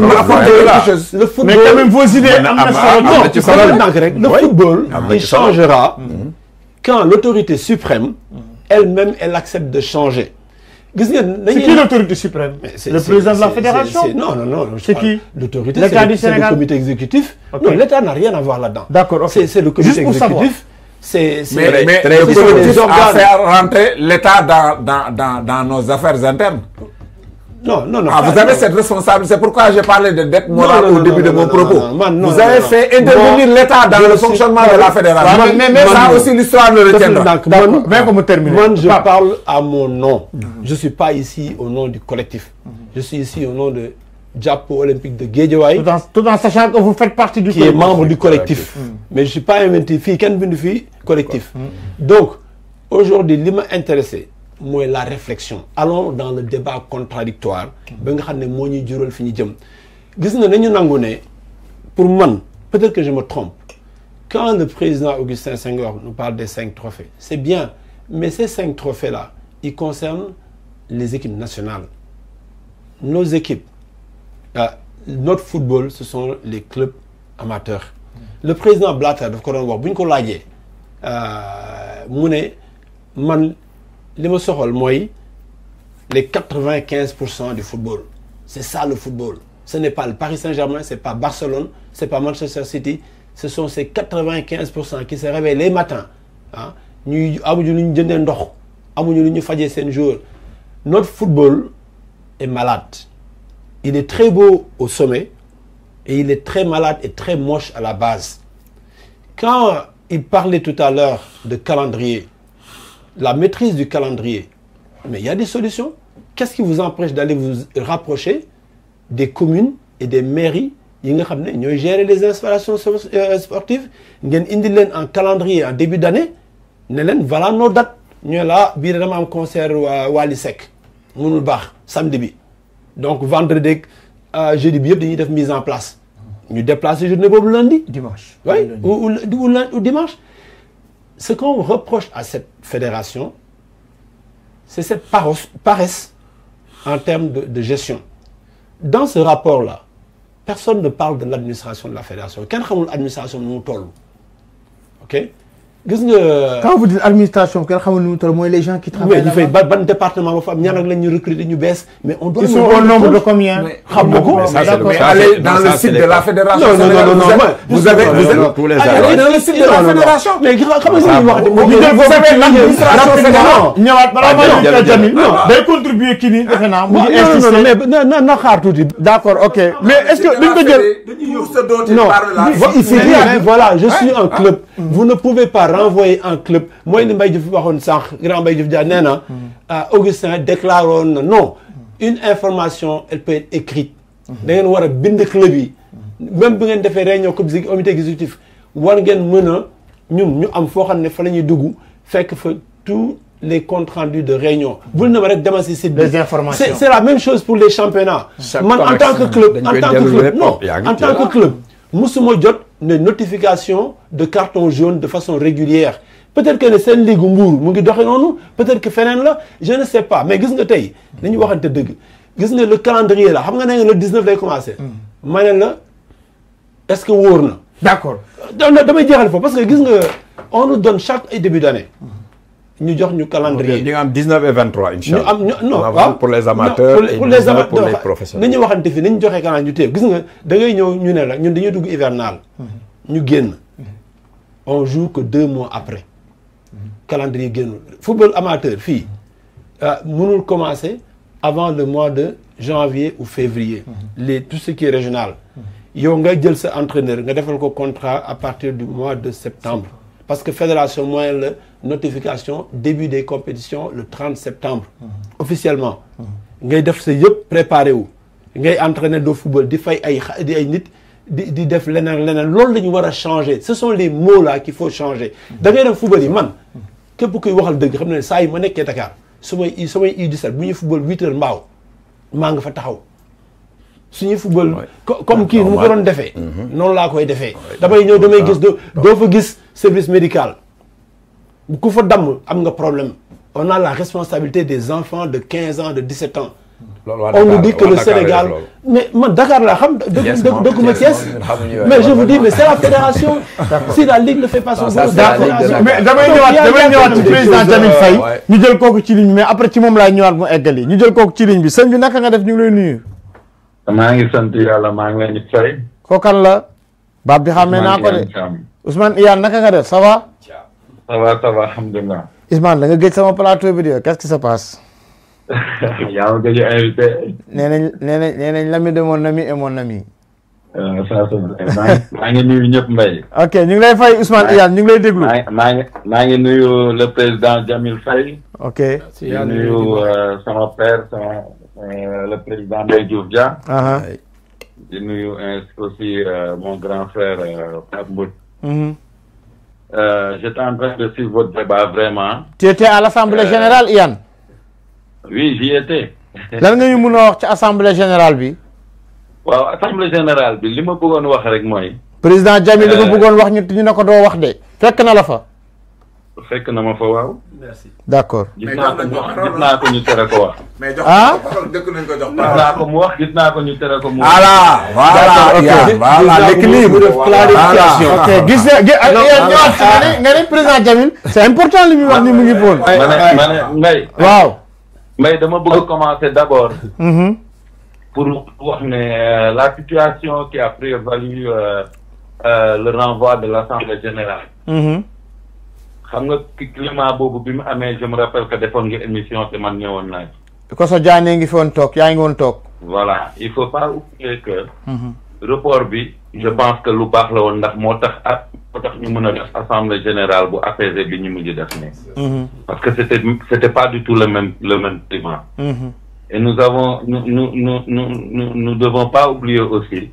S2: Le football. Mais quand même vos idées ah, ah, le football ah, changera hmm. quand l'autorité suprême hmm. elle-même elle accepte de changer. C'est qui l'autorité suprême Le président de la fédération Non, non, non. C'est qui L'autorité, c'est le, comité exécutif. Non, l'État n'a rien à voir là-dedans. D'accord, C'est le comité exécutif c'est mais, mais très
S3: rentrer l'État dans, dans, dans, dans, nos affaires internes. Non, non, non. Ah, vous avez cette responsabilité. C'est pourquoi j'ai parlé de dette morale au début de mon propos. vous avez fait intervenir l'État dans le fonctionnement de la fédération. mais, ça aussi, l'histoire le retiendra.
S2: terminer. je parle à mon nom. Je ne suis pas ici au nom du collectif. Je suis ici au nom de Diapo Olympique de Guédiawaye. tout en sachant que vous faites partie du. qui est membre du collectif. Mm. mais je ne suis pas un fille, du collectif. Mm. donc aujourd'hui qui ma intéressé c'est la réflexion. allons dans le débat contradictoire ba nga pour moi, peut-être que je me trompe quand le président Augustin Senghor nous parle des cinq trophées c'est bien mais ces cinq trophées là ils concernent les équipes nationales nos équipes. Ah, notre football ce sont les clubs amateurs. le président Blatter de ko doon wax bu ko euh, man les 95% du football c'est ça le football ce n'est pas le Paris Saint-Germain c'est pas Barcelone c'est pas Manchester City ce sont ces 95% qui se réveillent les matins nous ah, avons amuñu lu ñu jëndee ndox amuñu ñu notre football est malade. Il est très beau au sommet et il est très malade et très moche à la base. Quand il parlait tout à l'heure de calendrier, la maîtrise du calendrier, mais il y a des solutions. Qu'est-ce qui vous empêche d'aller vous rapprocher des communes et des mairies qui gèrent les installations euh, sportives Ils ont un en calendrier en début d'année Nous voilà nos dates Nous la un concert à samedi donc vendredi je euh, jeudi bien mise en place Nous déplacer pas le lundi. dimanche oui ou dimanche. ce qu'on reproche à cette fédération c'est cette paresse en termes de, gestion dans ce rapport là personne ne parle de l'administration de la fédération Quelqu'un xamul administration de ok gis nga. quand vous
S4: dites administration kenn xamul ni mu toll mooy les gens
S2: qui travaillent oui il fait ban département ba fa am ñaan ak lañ ñu recruter ñu bees. mais on doit ils sont au nombre de combien.
S3: xam nga ko mais allez dans le site de la fédération. non non non non vous avez vous êtes tous les allez dans le site de la fédération.
S2: mais xam nga li ñuy wax de. bu ñu jël boobu ci ñëwaat
S7: ñëwaat
S4: balaa maa ñu jël tamit. day contribuer kii nii defe naa. mu insister non mais na na xaar touti
S2: d'accord ok mais est ce que duñ ko jël.
S3: sa doté faut là voilà je suis un club.
S2: Ah. vous ne pouvez pas renvoyé en club moi je Mbaye Diouf waxoon grand Mbaye Diouf Dia nee mm. euh, Augustin déclaré non une information elle peut être écrite. Mm-hmm. da ngeen war a bind club mm-hmm. même bi ngeen defee réunion comité exécutif war on mën exécutif ñun ñu am foo xam ne fa la ñuy fekk tous les comptes rendus de réunion. vous ne ma pas demander si informations c'est la même chose pour les championnats. man en tant que club en tant que club non en tant que club moussoumo jot une notification de carton jaune de façon régulière peut-être que ne Sénégal ligu mbuur mu ngi peut-être que feneen la je ne sais pas mais gis nga tey nañu waxante dëgg nga le calendrier là xam nga le 19 lay commencé hmm. Maintenant, est-ce que d'accord na d'accord euh, dire une foofu parce que gis nga on nous donne chaque début d'année hmm. Nous avons un calendrier. 19
S1: et 23 non pour les amateurs. et pour les pour les professionnels. nous
S2: Nous avons calendrier nous gis nga da mhm. mhm. on joue que deux mois après. calendrier le football amateur Nous euh, mënul commencer avant le mois de janvier ou février. Mhm. les tout ce qui est régional. Nous nga un entraîneur contrat à partir du mois de septembre parce que fédération moyenne notification début des compétitions le 30 septembre. Mhm. officiellement. Mhm. ngay def sa yëpp préparé wu. ngay entraîner de football di fay ay di ay nit di def changer ce sont les mots là qu'il faut changer. Mhm. da ngay football yi man. képp kuy waxal dëgg xam ne saa yi ma nekkee Dakar vous êtes su may vous êtes bu football 8 heures mbaaw nga fa taxaw suñu football comme kii mu ko doon defee mhm. noonu laa koy defee damay ñëw damay gis do doo fa gis service médical ku fa dam am nga problème on a la responsabilité des enfants de 15 ans de 17 ans
S1: on nous dit que le Sénégal
S2: mais man Dakar la xam dëkkuma Thiès mais je vous dis mais c'est la fédération si la ligue ne fait pas son boulot mais damay ñëwaat damay ñëwaat ci président Jamil Faye
S4: ñu jël kooku ci ligne mais après ci mom laay ñëwaat mu eggali ñu jël kooku ci ligne bi sëñ bi naka nga def ñu lay nuyu
S7: maa ngi sant yàlla maa ngi leen di fay.
S4: kookan la. baab bi xàmmee naa ko de Ousmane Iyane naka iya nga def ça va.
S7: ça va ça va alhamdulilah.
S4: da nga géej sama plateau bi de qu'est-ce qui se passe. yaa ya, ma eh, gëj a invité. nee nañ nee nañ nee nañ l'ami de mon ami et mon ami. Eh, saa su eh,
S7: maa ngi nuyu ñëpp Mbaye. ok ñu ngi lay fay Ousmane Iyane ñu ngi lay déglu. maa ngi maa ngi nuyu le président Jamil Faye. ok. di nuyu sama père sama. Euh, le président de Jouvja, Je aussi euh, mon grand frère euh, Pape mhm. j'étais en train de suivre votre débat vraiment.
S4: tu étais à l'Assemblée générale Yann.
S7: oui j'y étais. Là,
S4: nga ñu mun wax ci générale oui?
S7: waaw l'Assemblée générale bi li ma bëggoon wax rek
S4: président Djamil, ce que bëggoon wax ñu c'est ne ko doo wax de. fekk na
S7: fekk na ma fa waaw. merci d' accord. gis naa ko ñu gis naa ko ñu tere ko wax. mais jox ah? dëkk nañ ko jox. gis naa ko mu wax gis naa ko ñu
S6: tere ko mu. voilà
S7: voilà l'équilibre clarification ok
S6: gis nga
S7: nga
S4: ne président Jamil c' est important li muy wax ni mu ngi bon. ma ne ma ne
S7: Mbaye. waaw. Mbaye dama bëgg a ah. commencer d' abord. Mm-hmm. pour wax ne euh, la situation qui a prévalu euh, euh, le renvoi de l' assemblée générale. Mm-hmm. je me rappelle que émission voilà il faut pas oublier que. Mm-hmm. report je pense que la générale mm-hmm. parce que c'était n'était pas du tout le même le mm-hmm. et nous avons nous devons pas oublier aussi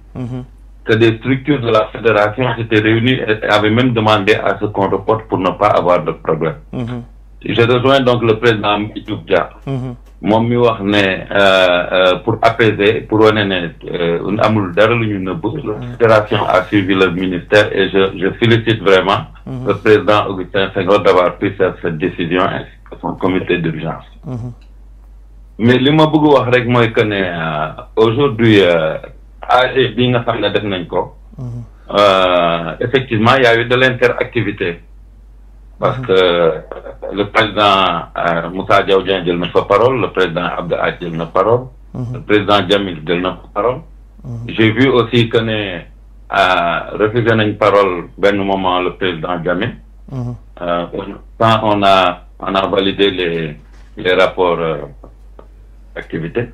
S7: que des structures de la fédération s'étaient réunies et avaient même demandé à ce qu'on reporte pour ne pas avoir de problème. Mhm. J'ai rejoint donc le président Mitoub Dia. Mhm. Mon mieux, euh, pour apaiser pour wane euh, amul mhm. la fédération a suivi le ministère et je félicite vraiment. le président Augustin Senghor d'avoir pris cette, décision ainsi que son comité d'urgence. mais li ma bëgg wax que euh, aujourd'hui euh, ah, bi nga xam ne def nañ ko. Euh, effectivement y a eu de l'interactivité parce que le président euh, Moussa Diaw a dit na parole le président Abdou a dit na parole. le président Jamil a na fa parole. j'ai vu aussi que ne euh, refusé une parole benn moment le président Jamil. quand on a on a validé les rapports d'activité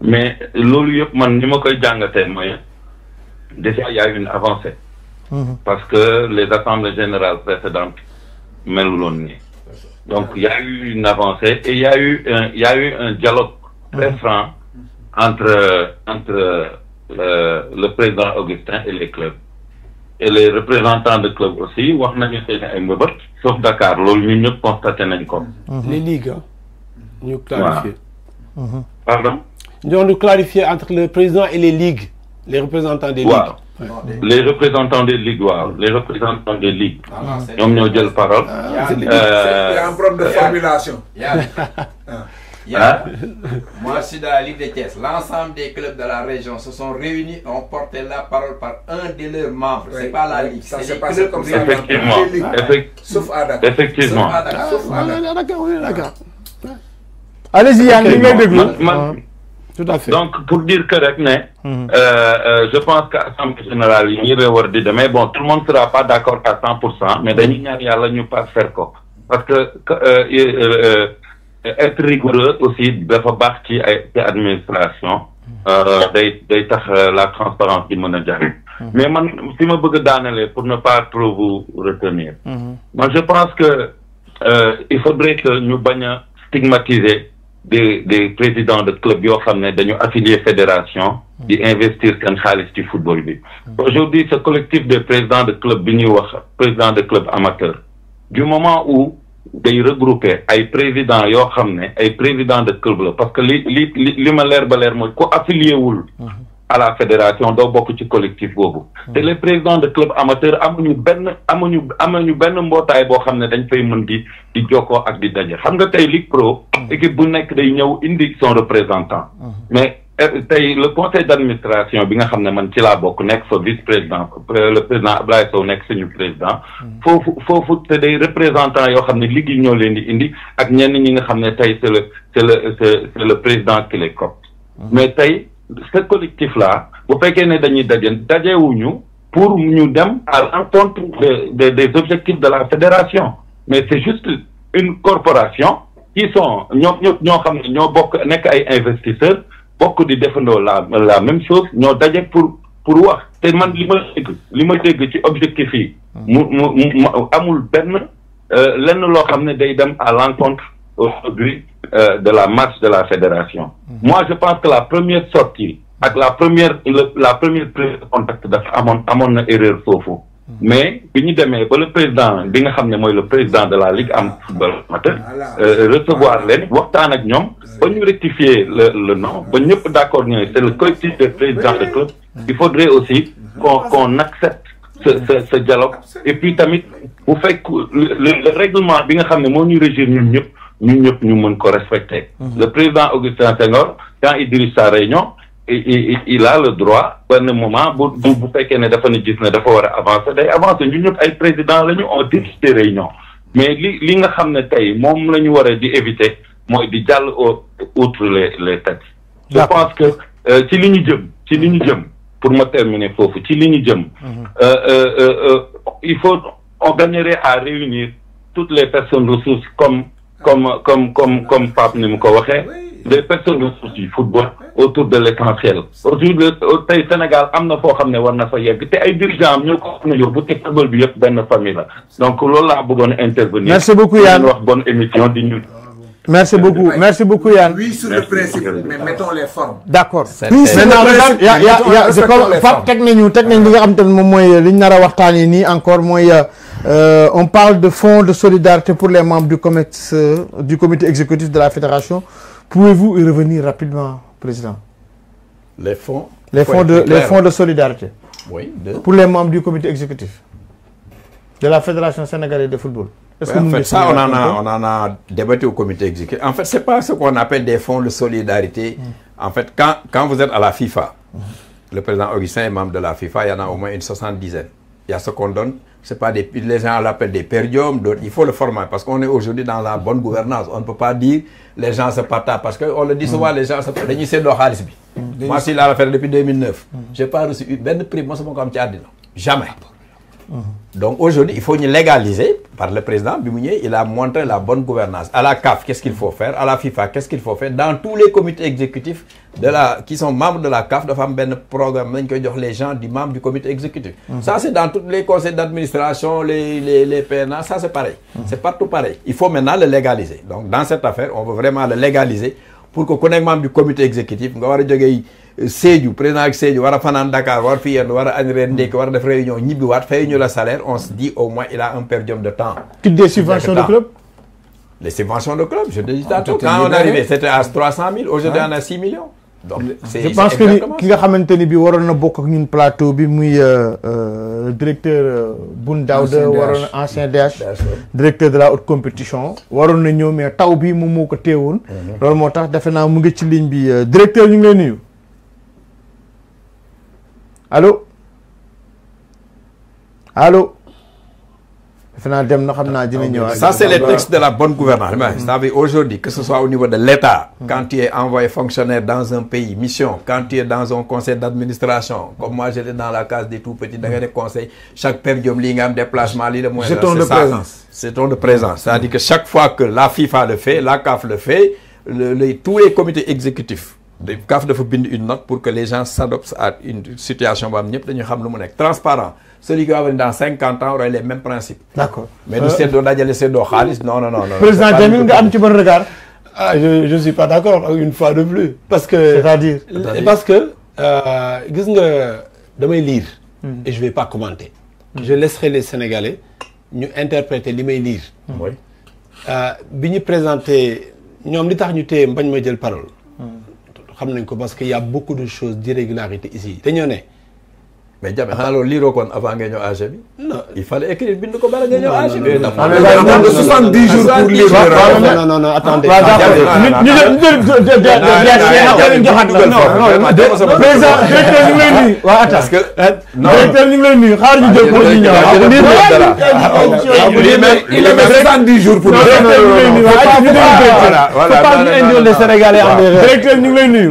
S7: mais loolu yëpp man nima koy jangate moy déjà y a eu une avancée. Mhm. parce que les assemblées générales précédentes meluloon ni donc il y a eu une avancée et y a eu un y a eu un dialogue mhm. très franc entre entre euh, le président Augustin et les clubs. et les représentants de clubs aussi wax nañu a ay sauf Dakar loolu ñun ñëpp constaté nañ ko.
S2: Mhm. les ligues hein, ñu clarifié. pardon nous nous clarifier entre le président et les ligues, les représentants des ligues.
S7: Les représentants des ligues, les représentants des ligues. Ah, Ils ont mis la parole. Il y a un problème de euh,
S1: formulation. Ah. Ah. Moi, je suis dans la Ligue de Thiès. L'ensemble des clubs de la région se sont réunis et ont porté la parole par un de leurs membres. C'est pas la Ligue. Ça s'est passé comme ça. Effectivement. Sauf à ah, Effectivement.
S7: Allez-y, Yann, tout à fait donc pour dire que rek mhm. euh, euh, je pense qu'à l'Assemblée générale yi y war di demain. bon tout le monde ne sera pas d'accord à 100%, mais il ñaan yàlla ñu pas faire ko parce que euh, être rigoureux aussi il faut partir ay l'administration, administration. Mhm. la transparence di mën a mhm. mais man si ma bëgg pour ne pas trop vous retenir. moi je pense que il faudrait que ñu bañ stigmatiser des présidents de clubs qui ont affiliés dañu fédération hmm. investir seen football hmm. aujourd'hui ce collectif de présidents de clubs amateurs, président de club amateurs du moment où ils regroupent les présidents de club parce que les li les ma ba affilié hmm à la fédération doo beaucoup ci collectif bobu C'est les présidents de club amateur amuñu Ben, amuñu amuñu Ben mbotay bo xamné dañ fay mën di di jokkoo ak di dañe xam nga tay ligue pro équipe bu nek day ñew indi son représentant mais euh, tay le conseil d'administration, bi nga xamné man ci la bokk nek fa vice président euh, le président Abdoulaye Sow nekk suñu président fofu fofu te day représentant yo xamné ne ligue ñoo leen di indi ak ñen ñi nga xamné tay c'est le c'est le c'est le président qui les cope mais tay ce collectif-là, vous faites que nous pour nous dem à l'encontre des, objectifs de la fédération. Mais c'est juste une corporation qui sont, nous sommes investisseurs, beaucoup de défendent la, même chose, nous sommes pour pour objectif nous euh, à l'encontre aujourd'hui euh, de la marche de la fédération. Mhm. Moi, je pense que la première sortie, avec la première, la première prise de contact à mon, erreur sauf vous mhm. Mais, le président le président de la ligue am football euh, recevoir l'aide pour ak rectifier le le nom pour nous d'accord c'est le collectif de président de club. il faudrait aussi mhm. qu'on qu'on accepte ce dialogue et puis tamit vous le, règlement bi nga nous ne nous ne ñu pas ko respecter. Mhm. le président Augustin Senghor quand il dirige sa réunion il il a le droit un moment bu bu bu qu'il ne dafa pas gis ne dafa avancer day avancer ñun ay président on dirige des réunions mais ce que nga savons ne que nous, la éviter mooy di jàll au outre les les je pense que euh, ci nous sommes, jëm ci sommes, pour ma terminer foofu ci mhm. euh, euh, euh, euh, il faut on gagnerait à réunir toutes les personnes ressources comme comme comme comme comme Pape des personnes football autour de l'essentiel. Aujourd'hui au Sénégal na merci beaucoup bonne émission
S4: Merci beaucoup, merci beaucoup
S3: Oui, sur le principe, mais mettons les formes. D'accord.
S4: encore euh, euh, on parle de fonds de solidarité pour les membres du, euh, du comité exécutif de la fédération. Pouvez-vous y revenir rapidement, Président Les fonds Les, fonds de, les fonds de, solidarité. Oui. Pour les membres du comité exécutif de la Fédération sénégalaise de football. est ça, on en,
S1: a, on débattu au comité exécutif. En fait, ce n'est pas ce qu'on appelle des fonds de solidarité. Mm. En fait, quand, quand, vous êtes à la FIFA, le président Augustin est membre de la FIFA, il y en a au moins une soixante-dizaine. Il y a ce qu'on donne c'est pas des, les gens l'appellent des perdiums, il faut le former parce qu'on est aujourd'hui dans la bonne gouvernance. On ne peut pas dire les gens se partent. parce qu'on le dit souvent, les gens se partagent. Mm. Moi, je suis là la faire depuis 2009. J'ai pas reçu une prix, prime, moi, c'est mon comme Jamais. Uh-huh. Donc aujourd'hui, il faut nous légaliser par le président Bimouye. Il a montré la bonne gouvernance. À la CAF, qu'est-ce qu'il faut faire À la FIFA, qu'est-ce qu'il faut faire Dans tous les comités exécutifs de la, qui sont membres de la CAF, de femmes ben programme que les gens du membre du comité exécutif. Uh-huh. Ça, c'est dans tous les conseils d'administration, les, les, PNA, ça c'est pareil. C'est uh-huh. pas C'est partout pareil. Il faut maintenant le légaliser. Donc dans cette affaire, on veut vraiment le légaliser pour que, connaisse membre du comité exécutif, nous Sédhiou président avec Sédhiou war Fernand Dakar war fi yenn war a añ un war def réunion ñibbi waat fay ñu la salaire on se dit au moins il a un perdium de temps.
S6: toutes des subventions de club.
S1: les subventions de club je te dis ça ah, tout quand on est arrivé hein? c'était à 300 000 aujourd'hui ah. on a 6 millions. donc c'est je pense que qui ki nga
S4: xamante bi na bokk plateau bi euh, euh, directeur euh, Boun Daouda ancien DH directeur de la haute compétition waroon na ñëw mais taw bi moom moo ko téewoon mhm. loolu moo tax defe mu ngi ci ligne bi directeur ñu ngi Allô Allô ça c'est les texte de
S1: la bonne gouvernance. Vous savez, aujourd'hui que ce soit au niveau de l'État. quand tu es envoyé fonctionnaire dans un pays mission. quand tu es dans un conseil d'administration comme moi j'étais dans la case des tout petits da conseil chaque père de lii nga am déplacement lii C'est ton de présence c'est ton de présence. c'est-à-dire que chaque fois que la FIFA le fait la CAF le fait le tous les comités exécutifs. Il faut une note pour que les gens s'adoptent à une situation comme nous. transparent celui qui va venir dans 50 ans aura les mêmes principes d'accord mais nous, sommes le le non non non non président Jamil
S4: un petit bon regard
S2: ah, je ne suis pas d'accord une fois de plus parce que c'est-à-dire parce que je euh, nga vais lire hmm. et je vais pas commenter je laisserai les Sénégalais nous interpréter li may lire nous nous euh, présenter. Nous nous tax ñu bañ ma parole ko parce qu'il y' a beaucoup de choses d'irrégularité
S1: ici mais Jabe xanaa loolu liiroo kon avant nga ñëw AG bi. non il fallait écrire bind ko bala nga ñëw AG bi. non non non 70 jours pour lire. non non non attendez. ñu
S2: parce que ñu ngi lay nuyu xaar ñu jël pour ñu ñëw. 70 jours pour. ñu
S4: ngi lay nuyu.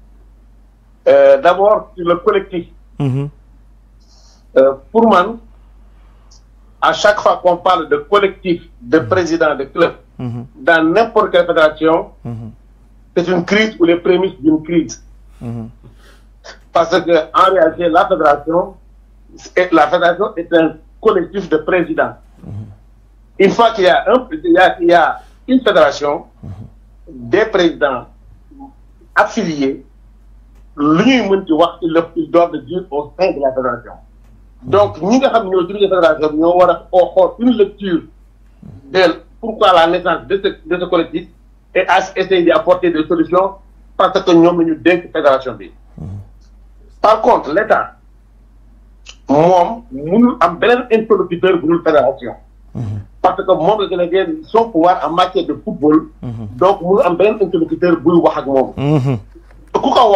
S6: Euh, d'abord, sur le collectif. Mhm. Euh, pour moi, à chaque fois qu'on parle de collectif, de présidents mhm. président de club, mhm. dans n'importe quelle fédération, c'est une crise ou les prémices d'une crise. Parce que en réalité, la fédération, la est un collectif de présidents. Une fois qu'il y, un, y, a une fédération, des présidents affiliés, lui, il doit le dire au sein de la fédération. donc nous, avons xam ñoo fédération une lecture de pourquoi la naissance de ce collectif et à essayer d'apporter des solutions parce que nous sommes ñu dénk fédération par contre l'État nous, nous un bel interlocuteur pour la fédération. parce que moi la gën a son pouvoir en matière de football. Mm-hmm. donc avons un bel interlocuteur pour wax ak moom. Mm-hmm. ku ko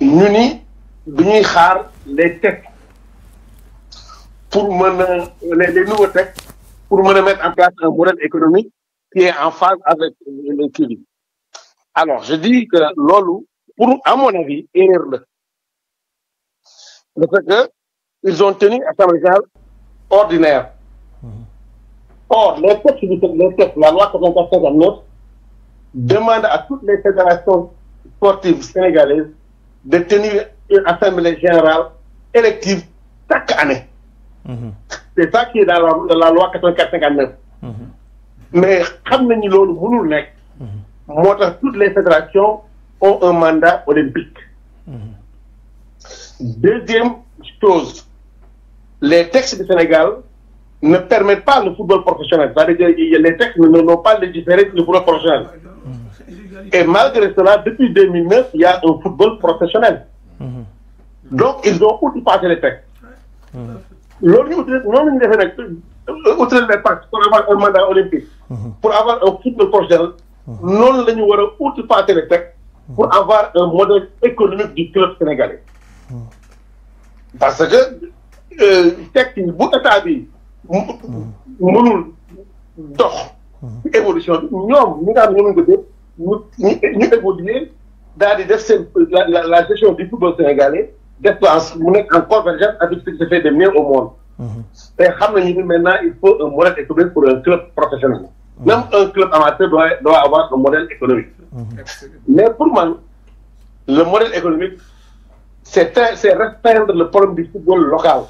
S6: nous ni les textes pour mener les, nouveaux textes pour mener mettre en place un modèle économique qui est en phase avec le alors je dis que l'OLU, pour à mon avis erreur le fait que ils ont tenu assemblée générale ordinaire mmh. or les textes les textes la loi le nôtre, demande à toutes les fédérations sportives sénégalaises de tenir une assemblée générale élective chaque année. Mhm. C'est ça qui est dans la, loi 8459. Mmh. Mais mmh. toutes les fédérations ont un mandat olympique. Mhm. Deuxième chose, les textes du Sénégal ne permettent pas le football professionnel. cest à dire que les textes ne donnent pas légiféré le football professionnel. Mhm. Et malgré cela, depuis 2009, il y a un football professionnel.
S5: Mm-hmm.
S6: Donc, ils ont outrepassé les textes. Mm-hmm. Euh, les pour avoir un mandat olympique, mm-hmm. pour avoir un football professionnel. Non, outrepassé les textes pour avoir un modèle économique du club sénégalais. Parce que, euh, évolution nous, nous, nous, nous évoluer dans la gestion du football sénégalais d'être en convergence avec ce qui se fait de mieux au monde. Mhm. te xam nañu ni maintenant il faut un modèle économique pour un club professionnel. Mhm. même un club amateur doit doit avoir un modèle économique. Mhm. mais pour moi, le modèle économique c'est c'est restreindre le problème du football local.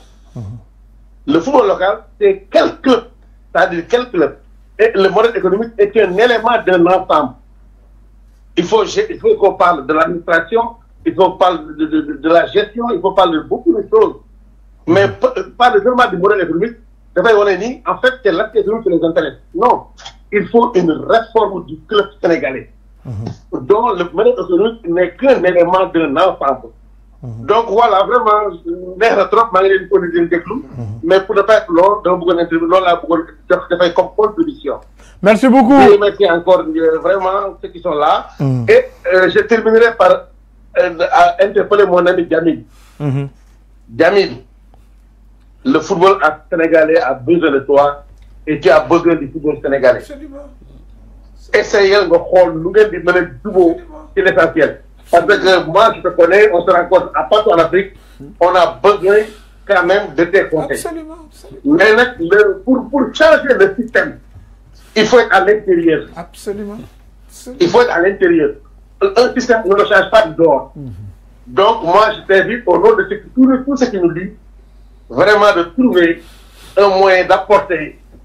S6: le football local c'est c'est-à-dire quel club et le modèle économique est un élément d'un ensemble. Il faut, qu'on parle de l'administration, il faut parler de, de, la gestion, il faut parler de beaucoup de choses. Mais mhm. pas seulement du modèle économique. dit En fait, c'est l'acte qui les intéresse. Non, il faut une réforme du club sénégalais, mhm. dont le modèle économique n'est qu'un élément d'un ensemble. Mhm. donc voilà vraiment neex na trop malgré de leen de ko mais pour ne pas être long donc vous interview loolu laa bëggoon def comme contribution.
S4: merci beaucoup
S6: merci encore euh, vraiment ceux qui sont là. Mhm. et euh, je terminerai par euh, interpeller mon ami Djamil. Mhm. Djamil le football sénégalais a besoin de toi et tu as besoin du football sénégalais. essayez de xool lu ngeen di mën qui l'essentiel. Parce que moi, je te connais, on se rencontre à part en Afrique, on a besoin quand même de tes conseils. Absolument, absolument. Mais pour, changer le système, il faut être à l'intérieur. Absolument, Il faut être à l'intérieur. Un système ne le change pas dehors.
S5: Mm-hmm.
S6: Donc, moi, je t'invite au nom de tout, tout ce qui nous dit, vraiment de trouver un moyen d'apporter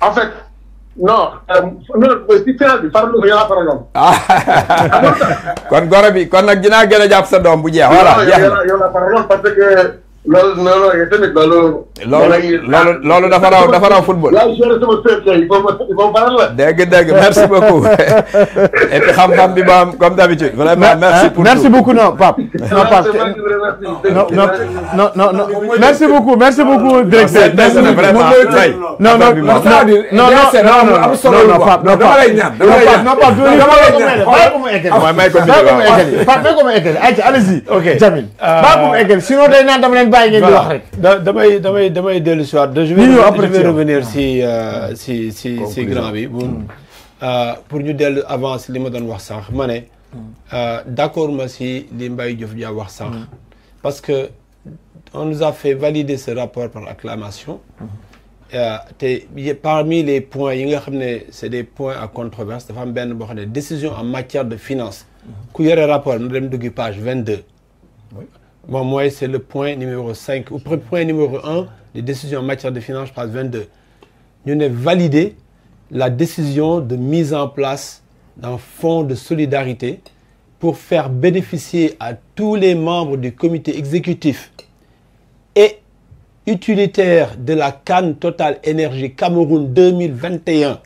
S6: en fait non euh, non si final bi faral di ko yàlla faral doom.
S1: kon goro bi kon nag dinaa gën a jàpp sa bu jeex. voilà jeex na yàlla faral parce que. loolu non non tamit loolu. loolu loolu dafa
S6: raw dafa raw football. merci beaucoup
S1: et puis xam-xam bi ba am comme d'habitude vraiment merci pour merci beaucoup non Pape. non Pape
S5: non non non merci
S4: beaucoup merci beaucoup directeur. merci vraiment non non non non non Pape non Pape non ah, may ko may ko ma eggali euh, sinon day naan de soir, je vais
S2: revenir ah. euh, si si si grand bon mm. euh, pour nous dire avance li ma doon wax mm. euh, d'accord, merci ne. d'accord accord si mm. parce que on nous a fait valider ce rapport par acclamation. Et parmi les points c'est des points à controverse des décisions décision en matière de finance. ku rapport nous dem page 22 oui. Bon, moi, c'est le point numéro 5. Au point numéro 1, les décisions en matière de finances, page 22. Nous avons validé la décision de mise en place d'un fonds de solidarité pour faire bénéficier à tous les membres du comité exécutif et utilitaire de la Cannes Total Énergie Cameroun 2021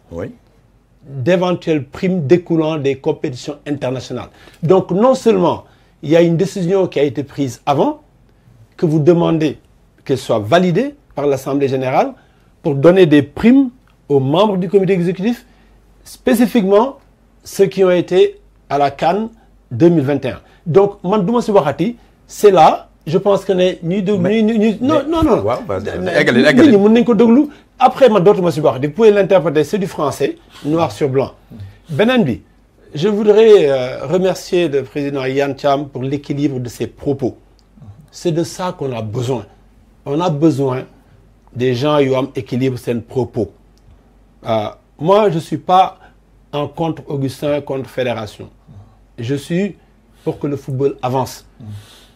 S2: d'éventuelles primes découlant des compétitions internationales. Donc, non seulement il y a une décision qui a été prise avant, que vous demandez qu'elle soit validée par l'Assemblée générale pour donner des primes aux membres du comité exécutif, spécifiquement ceux qui ont été à la Cannes 2021. Donc, c'est là, je pense que est... Non, non, bah, non. Après, vous pouvez l'interpréter, c'est du français, noir sur blanc. Mm. Benenbi, je voudrais euh, remercier le président Yann Cham pour l'équilibre de ses propos. C'est de ça qu'on a besoin. On a besoin des gens qui équilibrent équilibre ses propos. Euh, moi, je ne suis pas en contre Augustin, contre Fédération. Je suis pour que le football avance.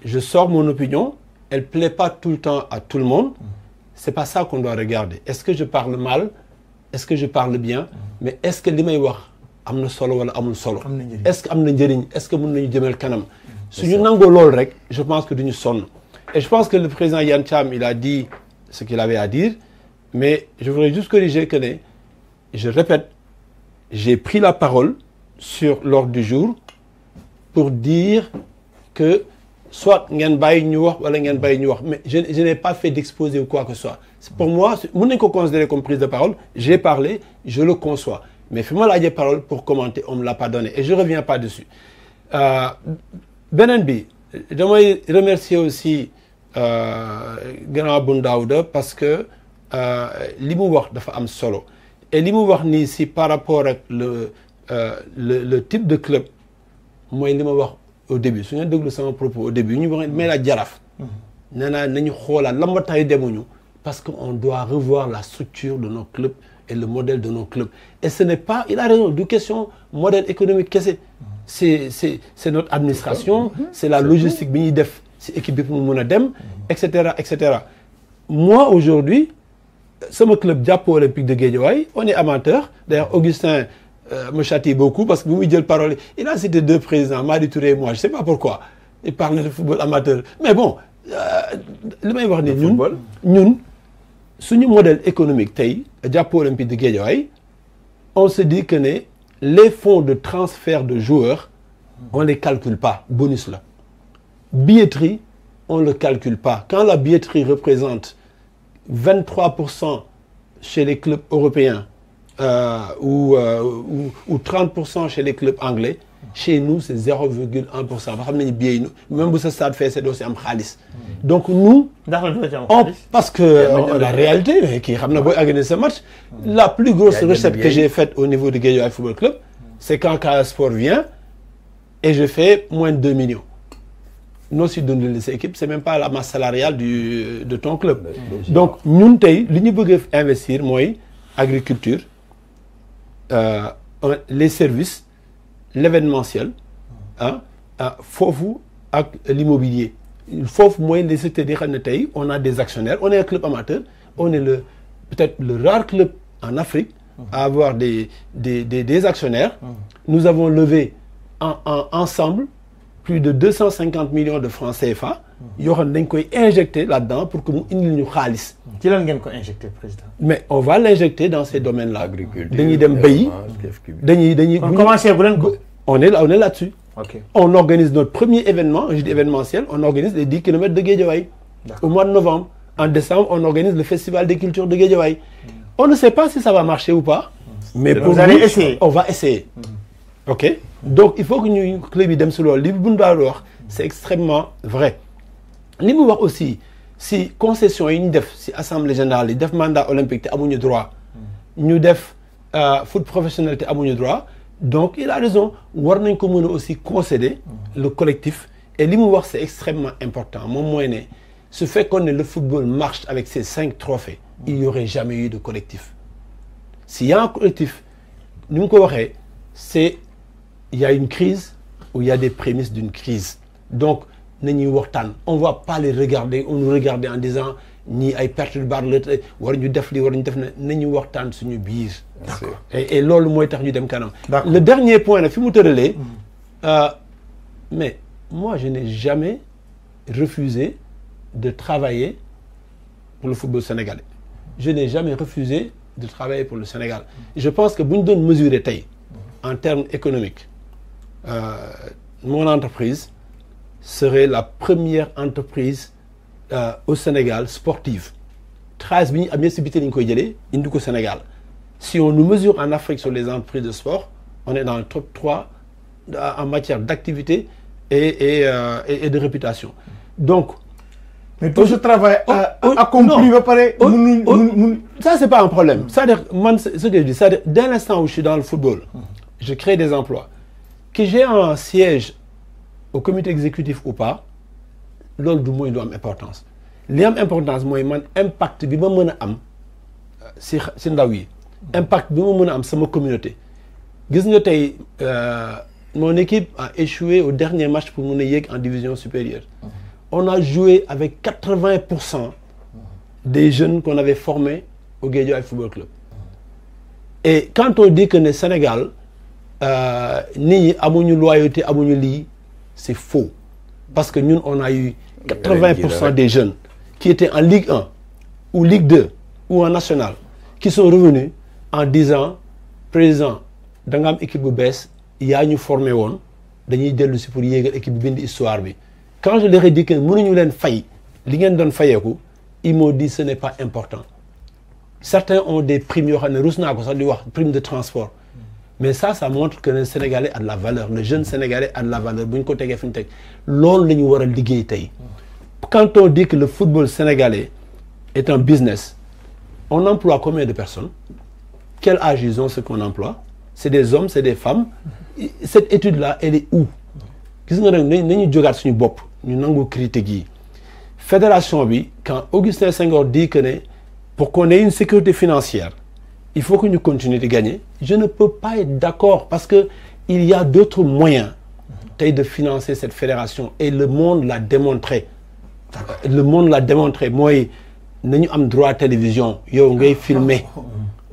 S2: Je sors mon opinion, elle ne plaît pas tout le temps à tout le monde. Ce n'est pas ça qu'on doit regarder. Est-ce que je parle mal Est-ce que je parle bien Mais est-ce que les meilleurs amna solo wala amul solo. est-ce que am na est-ce que mën nañu jëmel kanam. Mm-hmm. suñu nango lool rek je pense que duñu sonn. et je pense que le président Yann Thiam il a dit ce qu'il avait à dire mais je voudrais juste corriger que je répète j'ai pris la parole sur l'ordre du jour pour dire que soit ngeen bay ñu wax wala ngeen bay ñu wax mais je, n'ai pas fait d'exposé ou quoi que ce soit. pour moi mon ko considérer comme prise de parole j'ai parlé je le conçois. Mais fais-moi la parole pour commenter, on ne me l'a pas donné. Et je ne reviens pas dessus. Euh, Benenbi, je voudrais remercier aussi euh, Grand Bundaouda parce que euh, l'imouwak dafa am solo. Et l'imouwak ni si par rapport avec le, euh, le, le type de club, moi l'imouwak au début, si vous avez mon propos au début, nous avons la diaraf. Nous avons dit que parce qu'on doit revoir la structure de nos clubs et le modèle de nos clubs. Et ce n'est pas, il a raison, du question modèle économique, qu'est-ce c'est C'est notre administration, c'est la logistique, c'est équipe pour mon etc., etc. Moi, aujourd'hui, c'est mon club Diapo Olympique de Guédiouaï, on est amateur. D'ailleurs, Augustin euh, me châtie beaucoup parce que vous me dites le parole. Il a cité deux présidents, Marie Touré et moi, je ne sais pas pourquoi. Il parle de football amateur. Mais bon, le meilleur, nous, nous, suñu modèle économique on se dit que les fonds de transfert de joueurs on les calcule pas bonus là. billetterie on ne le calcule pas quand la billetterie représente 23 chez les clubs européens euh, ou, 30 euh, chez les clubs anglais chez nous c'est 0,1 même si ça fait c'est donc nous. parce que la réalité hmm. la plus grosse recette que j'ai faite au niveau du Guédiawaye Football Club. c'est quand le Sport vient et je fais moins de 2 millions. nous si donner les équipes c'est même pas la masse salariale du de ton club. donc nous, nous pouvons investir moi agriculture euh, les services l'événementiel à hein, ah, fofu vous l'immobilier il faut moyen secteurs dire on a des actionnaires on est un club amateur on est le peut-être le rare club en Afrique à avoir des des des, actionnaires nous avons levé en, ensemble plus de 250 millions de francs CFA il y injecté koy là-dedans pour que nous nous président. mais on va l'injecter dans ces domaines-là. agriculture dañuy dem on est, là, on est là-dessus. On organise notre premier événement, je dis événementiel, on organise les 10 km de Guédiouaï. au mois de novembre. En décembre, on organise le Festival des cultures de Guédiouaï. Hmm. On ne sait pas si ça va marcher ou pas, hmm. mais pour vous allez essayer. on va essayer. Hmm. OK Donc, il faut que nous, que c'est extrêmement vrai. Nous voir aussi, si concession est une def, si assemblée générale, def mandat olympique, nous avons droit. Nous euh, foot professionnel, nous droit donc il a raison Warning faut aussi concéder mhm. le collectif et l'immobilier c'est extrêmement important Mon moyen, ce fait qu'on le football marche avec ses cinq trophées il n'y aurait jamais eu de collectif s'il y a un collectif nous c'est il y a une crise ou il y a des prémices d'une crise donc on ne on va pas les regarder on nous regarder en disant ni ay perturbar la te war ñu def li war ñu def na nañu waxtaan suñu biir. d'accord et loolu mooy tax ñu dem kanam. le dernier point nag fi mu tëralee. Hmm. Euh, mais moi je n'ai jamais refusé de travailler pour le football sénégalais. Je n'ai jamais refusé de travailler pour le Sénégal. Hmm. Je pense que si mesure mesurer tay hmm. en termes économiques, euh, mon entreprise serait la première entreprise euh, au Sénégal sportive 13 000 à bien Sénégal si on nous mesure en Afrique sur les entreprises de sport on est dans le top 3 euh, en matière d'activité euh, et, de réputation. Donc, mais tout je travail oh, oh, accompli, oh, ça c'est pas un problème. Ça ce que dès l'instant où je suis dans le football, je crée des emplois. Que j'ai un siège au comité exécutif ou pas, loolu du moy do am importance li am importance moy man impact bi ma meuna am ci euh, ci ndaw yi impact bi ma am sama communauté gis nga euh, mon équipe a échoué au dernier match pour mon équipe en division supérieure mm-hmm. on a joué avec 80 des jeunes qu'on avait formés au Guédiawaye Football Club mm-hmm. et quand on dit que le Sénégal pas eu de loyauté c'est faux parce que nous, on a eu 80% des jeunes qui étaient en Ligue 1 ou Ligue 2 ou en National qui sont revenus en disant président présent l'équipe am équipe il y a une formé woon dañuy pour l'équipe équipe quand je leur ai dit que les gens fay ils m'ont dit ce n'est pas important certains ont des primes de transport mais ça ça montre que le sénégalais a de la valeur le jeune sénégalais a de la valeur buñ ko tégué ték loolu wara liggéey quand on dit que le football sénégalais est un business on emploie combien de personnes quel âge ils ont ce qu'on emploie c'est des hommes c'est des femmes cette étude là elle est où gis nga nañu jogat suñu bop ñu nangu critique yi fédération bi quand Augustin Senghor dit que pour qu'on ait une sécurité financière il faut que nous continuions de gagner. Je ne peux pas être d'accord parce qu'il y a d'autres moyens mhm. de financer cette fédération et le monde l'a démontré. Le monde l'a démontré. Moi, nous avons droit à la télévision, nous avons filmé.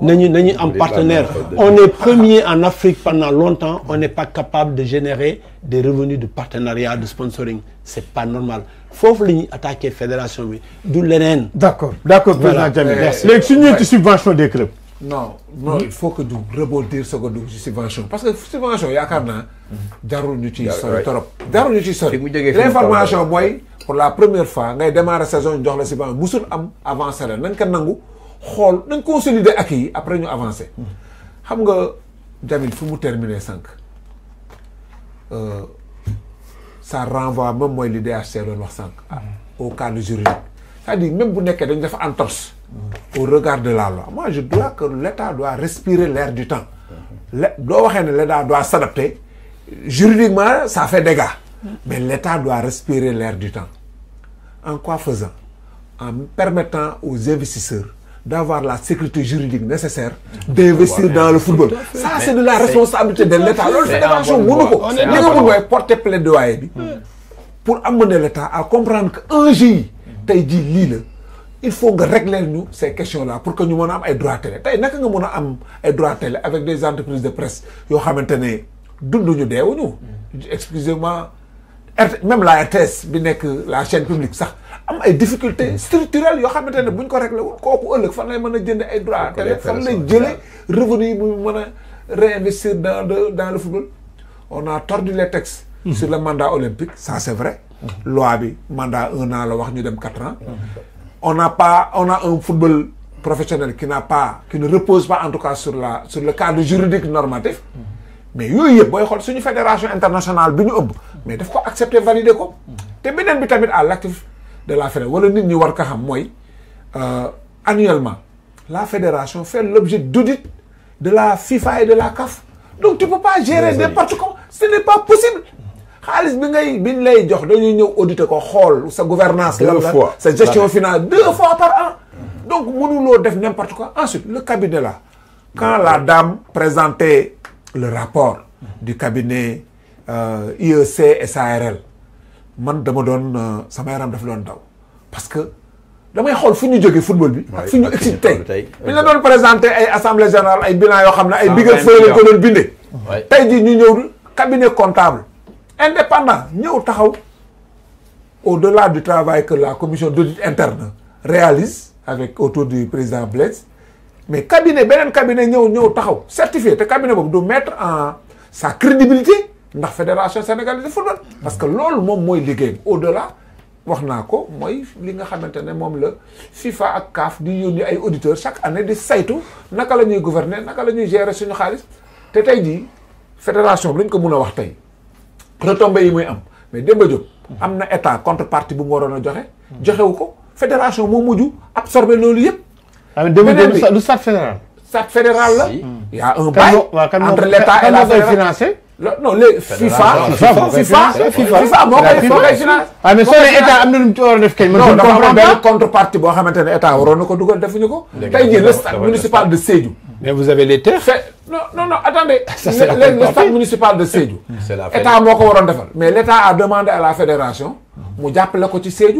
S2: Nous avons un partenaire. On est premier en Afrique pendant longtemps, on n'est pas capable de générer des revenus de partenariat, de sponsoring. C'est pas normal. Il Faut que nous
S3: attaquer la fédération.
S4: D'où l'ENN. D'accord, d'accord, président Jamil. Merci. Euh, Les subventions des
S3: clubs non, non, il faut que nous rebondir ce que nous subvention. Parce que subvention, il y a quand même, il y a des gens L'information, moi, pour la première fois, il démarre la saison, il y a des gens qui ont Nous consolidé acquis, après nous avancer. Vous savez, Jamil, il faut terminer 5. Euh, ça renvoie même moi l'idée à CRL 5, au cadre jury. C'est-à-dire, même si vous avez fait un torse, au regard de la loi moi je dois que l'État doit respirer l'air du temps l'État doit s'adapter juridiquement ça fait dégâts mais l'État doit respirer l'air du temps en quoi faisant en permettant aux investisseurs d'avoir la sécurité juridique nécessaire d'investir dans le football. Ça, c'est de la responsabilité de l'État. Hmm. pour amener l'État à comprendre qu'un jour, tu as dit il faut régler nous ces questions là pour que nous ayons des am ay télé tay naka nga mëna am télé avec des entreprises de presse yo xamantene dunduñu excusez-moi même la RTS la chaîne publique ça am ay difficultés structurelles yo xamantene buñ ko régler wul lay mëna jënd ay droits télé fan lay revenus réinvestir dans le football on a tordu les textes mmh. sur le mandat olympique ça c'est vrai mmh. loi bi mandat un an la wax ñu dem 4 ans mmh on n'a pas, on a un football professionnel qui n'a pas, qui ne repose pas en tout cas sur la, sur le cadre juridique normatif. mais oui y a une fédération internationale biñu mais daf ko accepter valider ko. té bien bi tamit à l'actif de la fédération wala nit ñi war euh, annuellement la fédération fait l'objet d'audit de la FIFA et de la CAF donc tu peux pas gérer n'importe comment ce n'est pas possible xaalis bi ngay bi lay jox dañuy ñëw auditer ko xool sa gouvernance Deux fois, sa gestion finale deux fois par an donc mënuloo def n'importe quoi ensuite le cabinet là quand la dame présentait le rapport du cabinet euh, IEC SARL man dama doon euh, sama yaram daf loon daw parce que damay xool fu ñu jógee football bi ak fu ñu
S1: excité tey
S3: bi la doon présenté ay assemblée générale ay bilan yoo xam ne ay biggal fële la ko doon bindee tey ji ñu ñëw cabinet comptable indépendant ñëw taxaw au-delà du travail que la commission d'audit interne réalise avec autour du président Blaise mais cabinet beneen cabinet ñëw ñëw taxaw certifié le cabinet boobu mettre en sa crédibilité la fédération sénégalaise de football parce que loolu moom mooy liggéeyam au-delà wax naa ko mooy li nga le ne moom la FIFA ak CAF di yónni ay auditeurs chaque année di saytu naka la ñuy gouverner naka la ñuy gérer suñu xaalis te fédération c'est ce ko mun wax retombées yi muy am mais Demba Diop am na état contrepartie bu mu waroon joxe. joxewu ko fédération moo mujj absorbé loolu yëpp. Ah, beneen bi du stade fédéral. stade fédéral la. y a un bail entre l'état et la fédération. non léegi FIFA. FIFA FIFA moo koy moo koy financé. waaw ah, mais soo ne état am na lu mu ci war a def kenn. non dafa am benn contrepartie boo xamante ne état waroon na ko dugal defuñu ko. tey jii le stade municipal de Sédhiou. Mais vous avez les Non, non, non, attendez. le, municipal de Sédou. C'est la État Mais l'État a demandé à la fédération, le côté sédu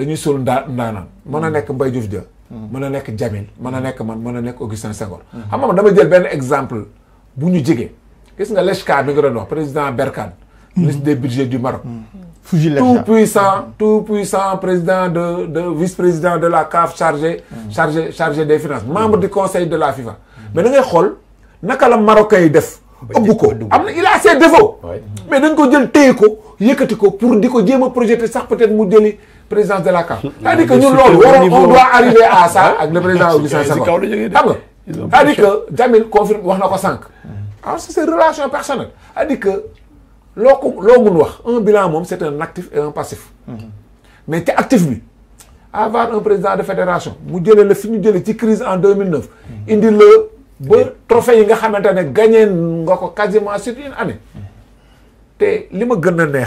S3: dañuy sol ndaa ndaanaan mm. mën a nekk Mbaye Diouf Dia mm. mën a nekk Jamil mën a mm. nekk man mën a nekk Augustin Senghor xam nga dama jël benn exemple bu ñu jege gis nga Lechka bi nga doon wax président berkan ministre des budgets du Maroc tout puissant tout puissant président de de vice-président de la CAF chargé chargé chargé des finances membre du conseil de la FIFA mais da ngay xool naka la Marocains yi def ëmb ko am na il a ses défauts mais dañ ko jël téye ko yëkkati ko pour di ko jéem a projeté sax peut-être mu jëli Président de la CAF. cest à que nous, loolu on doit arriver à ça hein? avec le président Augustin Senghor Il a cest à que Jamil confirme wax a ko sànq alors ah, c'est relation personnelle c'est-à-dire que l'homme ko un bilan c'est un actif et un passif mm-hmm. mais es actif lui. avoir un président de fédération mu a fini de la jëlee crise en 2009 dit que le trophée yi nga gagné quasiment sur une année mm-hmm. te li ma gën a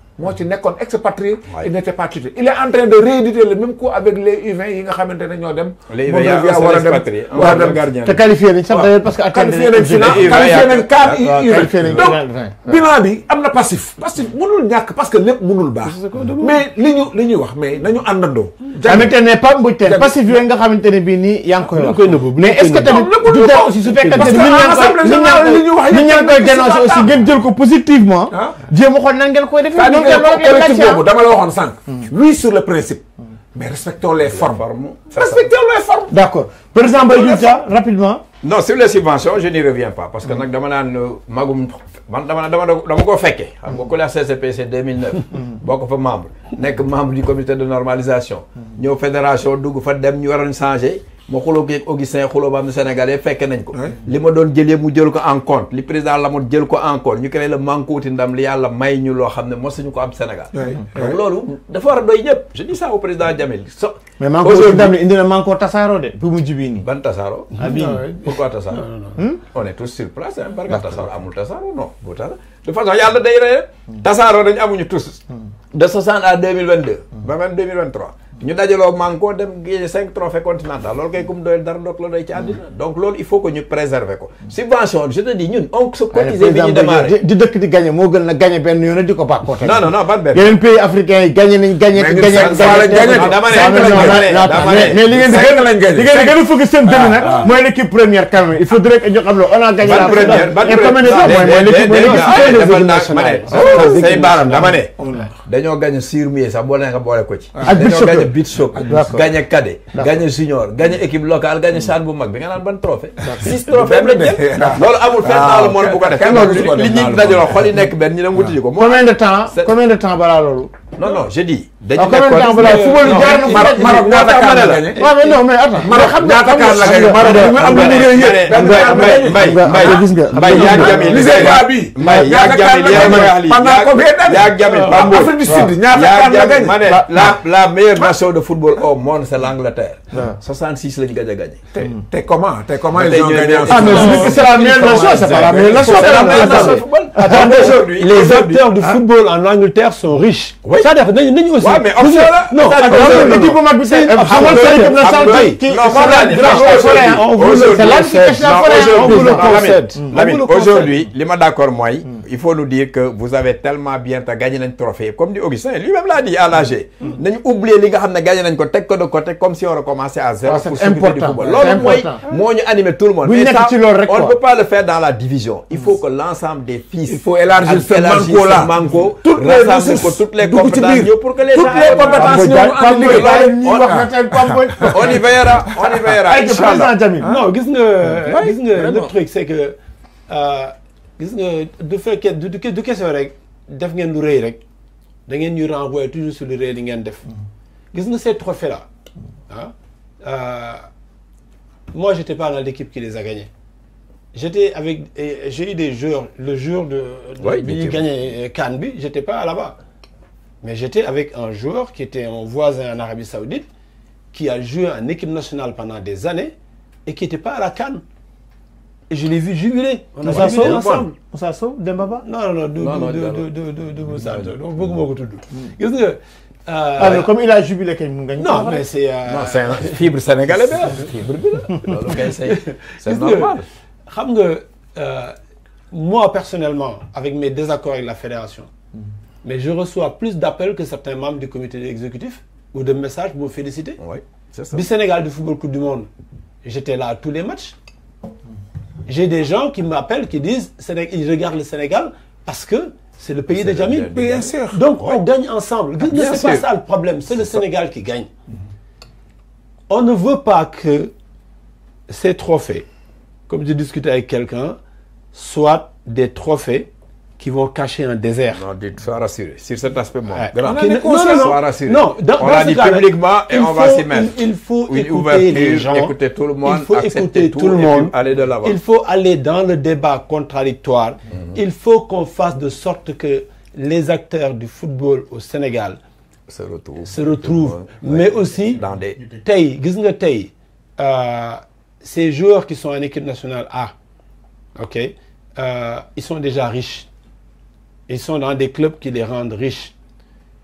S3: moo ci nekkoon expatrié. il n'était pas titré il est en train de rééditer le même coup avec les U20 yi nga xamante ne ñoo dem. les U20 yaa war a dem war a dem gardien te qualifié nañ sax d'ailleurs parce que. qualifié nañ final qualifié nañ quart U20 donc bilan bi am na passif. passif mënul ñàkk parce que lépp mënul baax. mais li ñu li ñuy wax mais nañu àndandoo. jaajëf tamit ne Pape Mbodj tey passif yooyu nga xamante ne bii nii yaa ngi koy ah, wax.
S4: mais est-ce que tamit du dara aussi su fekkante ni ñu ngi koy dénoncé aussi ngeen jël ko positivement ah. jéem a xool nan ngeen koy defee
S3: lui,
S1: sur le principe. mais respectons les formes. respectons les formes. D'accord. Par président rapidement. non sur les subventions je n'y reviens pas parce que nous, dama naan euh, magum dama dama nous... fekkee. xam nga la CCPC 2009. boo ko fa membre. membre du comité de normalisation. la fédération dugg fa dem ñu waroon changé. ma xuloo ak Augustin xuloo ba am Sénégalais fekke nañ ko li ma doon jëlee mu jël ko en compte li président la Lamone jël ko en compte ñu créé le manquoti ndam li yàlla may ñu loo xam ne mosuñu ko am Sénégal
S4: donc
S1: loolu dafa war a doy ñëpp je dis ça au président Jamil so mais manquoti ndam li indi na manquoo tasaaroo de bu mu jibi nii ban tasaaroo ah bii pourquoi tasaaroo hmm? on est tous sur amul tasaaroo non bu tasaaroo de façon yàlla day rey hmm. tasaaroo dañu amuñu tous hmm. de 60 à 2022 ñu dajaloo mànkoo dem génne cinq trophées continental loolu kay kum doyul dara doot la doy ci àddina ñu ko subvention di
S4: dëkk di gagné moo gën na gagné ko bàkkoo non non non
S1: a gën beach soccer. gagné cadet. gagné junior gagné équipe locale gagné saan bu mag bi nga naan trophée. six trophées loolu amul fenn naa la mën bu ko def. loolu li ñu benn ñu dem wuti ko. combien de temps combien de temps balaa non non je dis. la meilleure nation de football au monde c'est l'Angleterre 66 gagné comment comment c'est la meilleure nation
S2: les acteurs du football en Angleterre sont riches ça waaw ah, mais
S1: la. non équipe li ma d'accord mooy. il faut nous dire que vous avez tellement bien gagné un trophée. Comme dit Augustin, lui-même l'a dit à l'âge. Mm. Nous oublié les gars qui gagné un côté, de côté, comme si on recommençait à zéro. Ah, c'est important. Moi, nous animer tout le monde. Mais ça, on ne peut pas le faire dans la division. Il mm. faut que l'ensemble des fils. Il faut élargir ce mango-là. Mango, toutes les ressources, toutes les compétences. Pour que les toutes les compétences.
S3: On y verra. On y verra.
S2: Non, le truc, c'est que. Euh, gis nga du fekkee du du question rek def ngeen lu rëy rek da ngeen ñu renvoyer toujours sur le rëy li ngeen def mm-hmm. gis nga ces trophées là mm-hmm. ah euh, moi j'étais pas dans l'équipe qui les a gagnés j'étais avec j'ai eu des joueurs le jour de de gagner gagné euh, j'étais pas là-bas mais j'étais avec un joueur qui était un voisin en Arabie Saoudite qui a joué en équipe nationale pendant des années et qui était pas à la cannes et je l'ai vu jubiler. On a On ensemble. s'est Sow Dembaba Non, non, non, de Moussa. Mm. Donc, beaucoup, mm. beaucoup, tout. Mm. est ce que. Euh, comme il a jubilé quand il gagne. Non, mais c'est. Euh, non, c'est un fibre sénégalais.
S1: fibre
S2: C'est normal. Euh, moi personnellement, avec mes désaccords avec la fédération, mais je reçois plus d'appels que certains membres du comité exécutif ou de messages pour me féliciter. Oui, c'est ça. Du Sénégal du football Coupe du Monde, j'étais là à tous les matchs. J'ai des gens qui m'appellent, qui disent, ils regardent le Sénégal parce que c'est le pays des Jamil. Donc on gagne ensemble. Ce n'est pas ça le problème, c'est le Sénégal qui gagne. On ne veut pas que ces trophées, comme j'ai discuté avec quelqu'un, soient des trophées
S1: qui vont cacher un désert. Non, sois rassuré. Sur cet aspect, moi. On non, on l'a dit publiquement et on va s'y mettre.
S2: Il, faut écouter les gens. Écouter tout le monde. Il faut écouter tout, le monde. Aller de il faut aller dans le débat contradictoire. Mhm. Il faut qu'on fasse de sorte que les acteurs du football au Sénégal se retrouvent. mais aussi, dans des... Tay, euh, ces joueurs qui sont en équipe nationale A, ok, euh, ils sont déjà riches ils sont dans des clubs qui les rendent riches.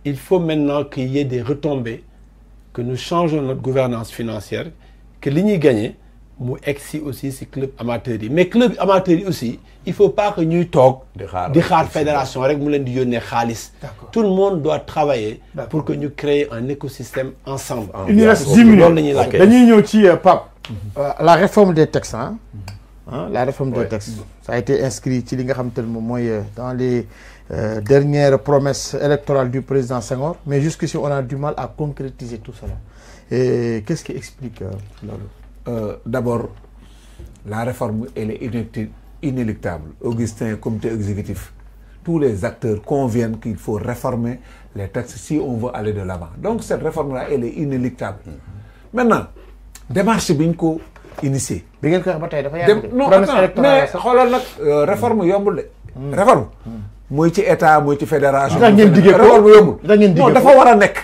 S2: Il faut maintenant qu'il y ait des retombées, que nous changeons notre gouvernance financière, que l'Igni gagne, mu aussi ces clubs amateurs mais club amateurs aussi il ne faut pas que nous talk di la fédération tout le monde doit travailler. pour que nous créions un écosystème ensemble. Ah, il nous reste 10 minutes la
S4: euh, mhm. euh, la réforme des textes hein. Mhm. Hein, la réforme des textes. ça a été inscrit euh, dans les. Euh, dernière promesse électorale du président Senghor, mais jusqu'ici, on a du mal à concrétiser tout cela.
S3: Et qu'est-ce qui explique euh, euh, D'abord, la réforme, elle est inéluctable. Augustin, comité exécutif, tous les acteurs conviennent qu'il faut réformer les textes si on veut aller de l'avant. Donc, cette réforme-là, elle est inéluctable. Mm-hmm. Maintenant, démarche Binko initiée. Non, mais, réforme, mm. réforme. Mm. mooy ci état mooy ci fédération. da ngeen diggee ko loolu yombul. da ngeen diggee ko non dafa war a nekk.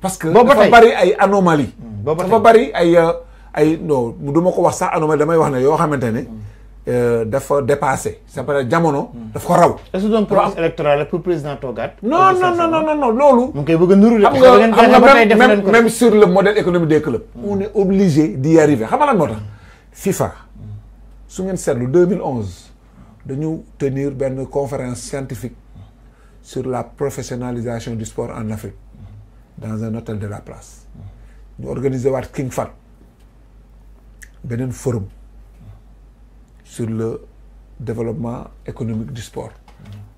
S3: parce que dafa bari ay anomalie hmm. dafa bari ay euh, ay non du ma ko wax sax anomalie damay wax ne yoo xamante ne. Hmm. Euh, dafa dépassé. c'est parce que jamono. Hmm. daf ko raw. est-ce que no promesse électorale pour loolu. mu koy bëgg a nuru xam nga même même sur le modèle économique des clubs. on est obligé d'y arriver xam nga lan moo tax. FIFA su ngeen seetlu 2011. dañu tenir benn conférence scientifique sur la professionalisation du sport en Afrique dans un hôtel de la place ñu organiser waat King Fat beneen forum sur le développement économique du sport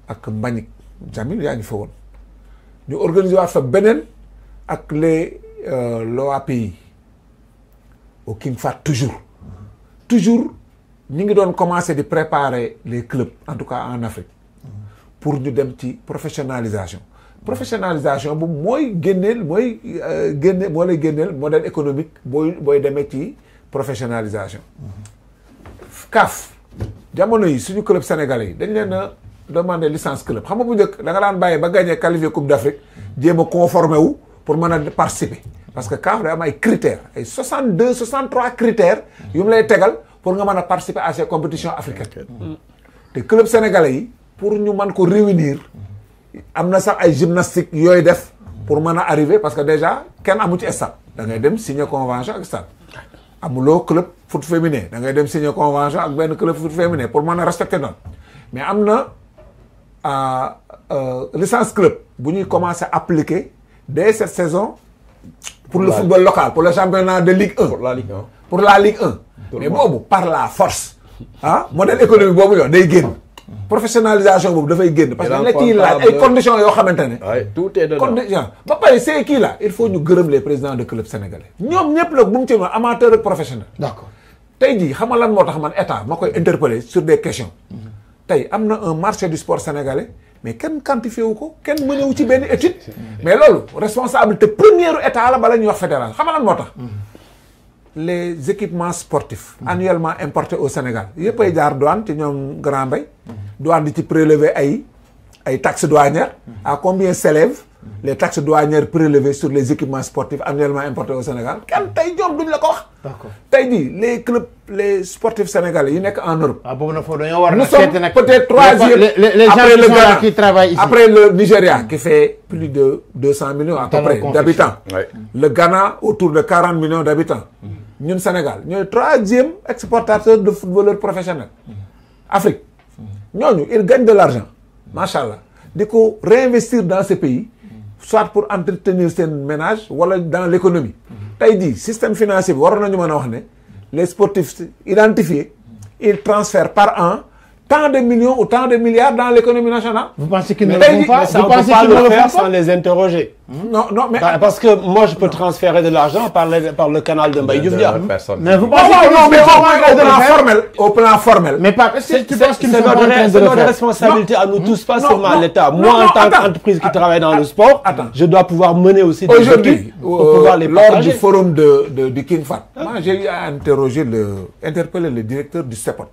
S3: ak Mbagnick Jamil yaa ngi fa woon ñu organiser fa beneen ak les euh, l'OAPI au King Fat toujours toujours Nous ngi doon commencer préparer les clubs en tout cas en Afrique pour une professionnalisation. ci professionnalisation professionnalisation bu mooy génneel mooy euh, génne modèle économique booy booy demee ci professionnalisation CAF jamono yi suñu club sénégalais yi dañ leen a licence club xam nga bu njëkk da nga daan bàyyi ba gagné qualifier coupe d'Afrique, je jéem a pour participer parce que CAF day am ay critères 62 63 critères yu mu lay pour nga mën a participer à ces compétitions africaines. Mm. te club sénégalais yi pour ñu mën ko réunir am na sax ay gymnastique yooyu def pour mën a arriver parce que déjà kenn amu ci stade da ngay dem signer convention ak stade amuloo club foot féminin da ngay dem signer convention ak benn club foot féminin pour man a respecter noonu mais am na euh, euh, licence club bu ñuy commencer appliquer dès cette saison pour le football local pour le championnat de Ligue mais bon, par la force. le ah, modèle économique bobu yoon day professionnalisation da fay Il parce que les la les conditions yo tout est dedans condition ba c'est qui là il faut nous gërëm les présidents du club sénégalais. Nous, sommes amateurs bu ci amateur professionnel. d'accord tay dit, xama lan motax ma interpeller sur des questions. Mhm. tay y un marché du sport sénégalais mais ken quantifié wu ko kenn est ci ben étude. mais lolu responsabilité première état la bala ñu wax fédéral xama lan les équipements sportifs annuellement importés au Sénégal a pas jaar douane a un Grand bay, douane di ci prélever ay ay taxes douanières à combien s'élèvent les taxes douanières prélevées sur les équipements sportifs annuellement importés au Sénégal Quand tey ñoom duñ la ko wax les clubs les sportifs sénégalais ils n'y en Europe ah nous sommes peut-être troisième après le Ghana qui travaille ici après le Nigeria qui fait plus de 200 millions d'habitants le Ghana autour de 40 millions d'habitants ñun Sénégal le troisième exportateur de footballeurs professionnels. Afrique ñooñu il gagne de l'argent macha allah réinvestir dans ce pays soit pour entretenir ces ménage wala dans l'économie tey jii système financier les sportifs identifiés ils transfèrent par an tant de millions ou tant de milliards dans l'économie nationale. Vous pensez qu'ils ne le font pas Vous pensez qu'ils ne le font sans
S2: les interroger hmm?
S3: Non, non, mais bah, parce que moi
S2: je peux transférer de l'argent par le canal de Mbaye Mais vous ah pensez non, mais au plan formel, au plan formel. Mais pas. C'est notre responsabilité à nous tous, pas seulement à l'État. Moi, en tant qu'entreprise qui travaille dans le sport, je dois pouvoir mener aussi des aujourd'hui euh, lors du forum
S3: de du King Fat, moi j'ai interrogé le interpellé le directeur du CEPOT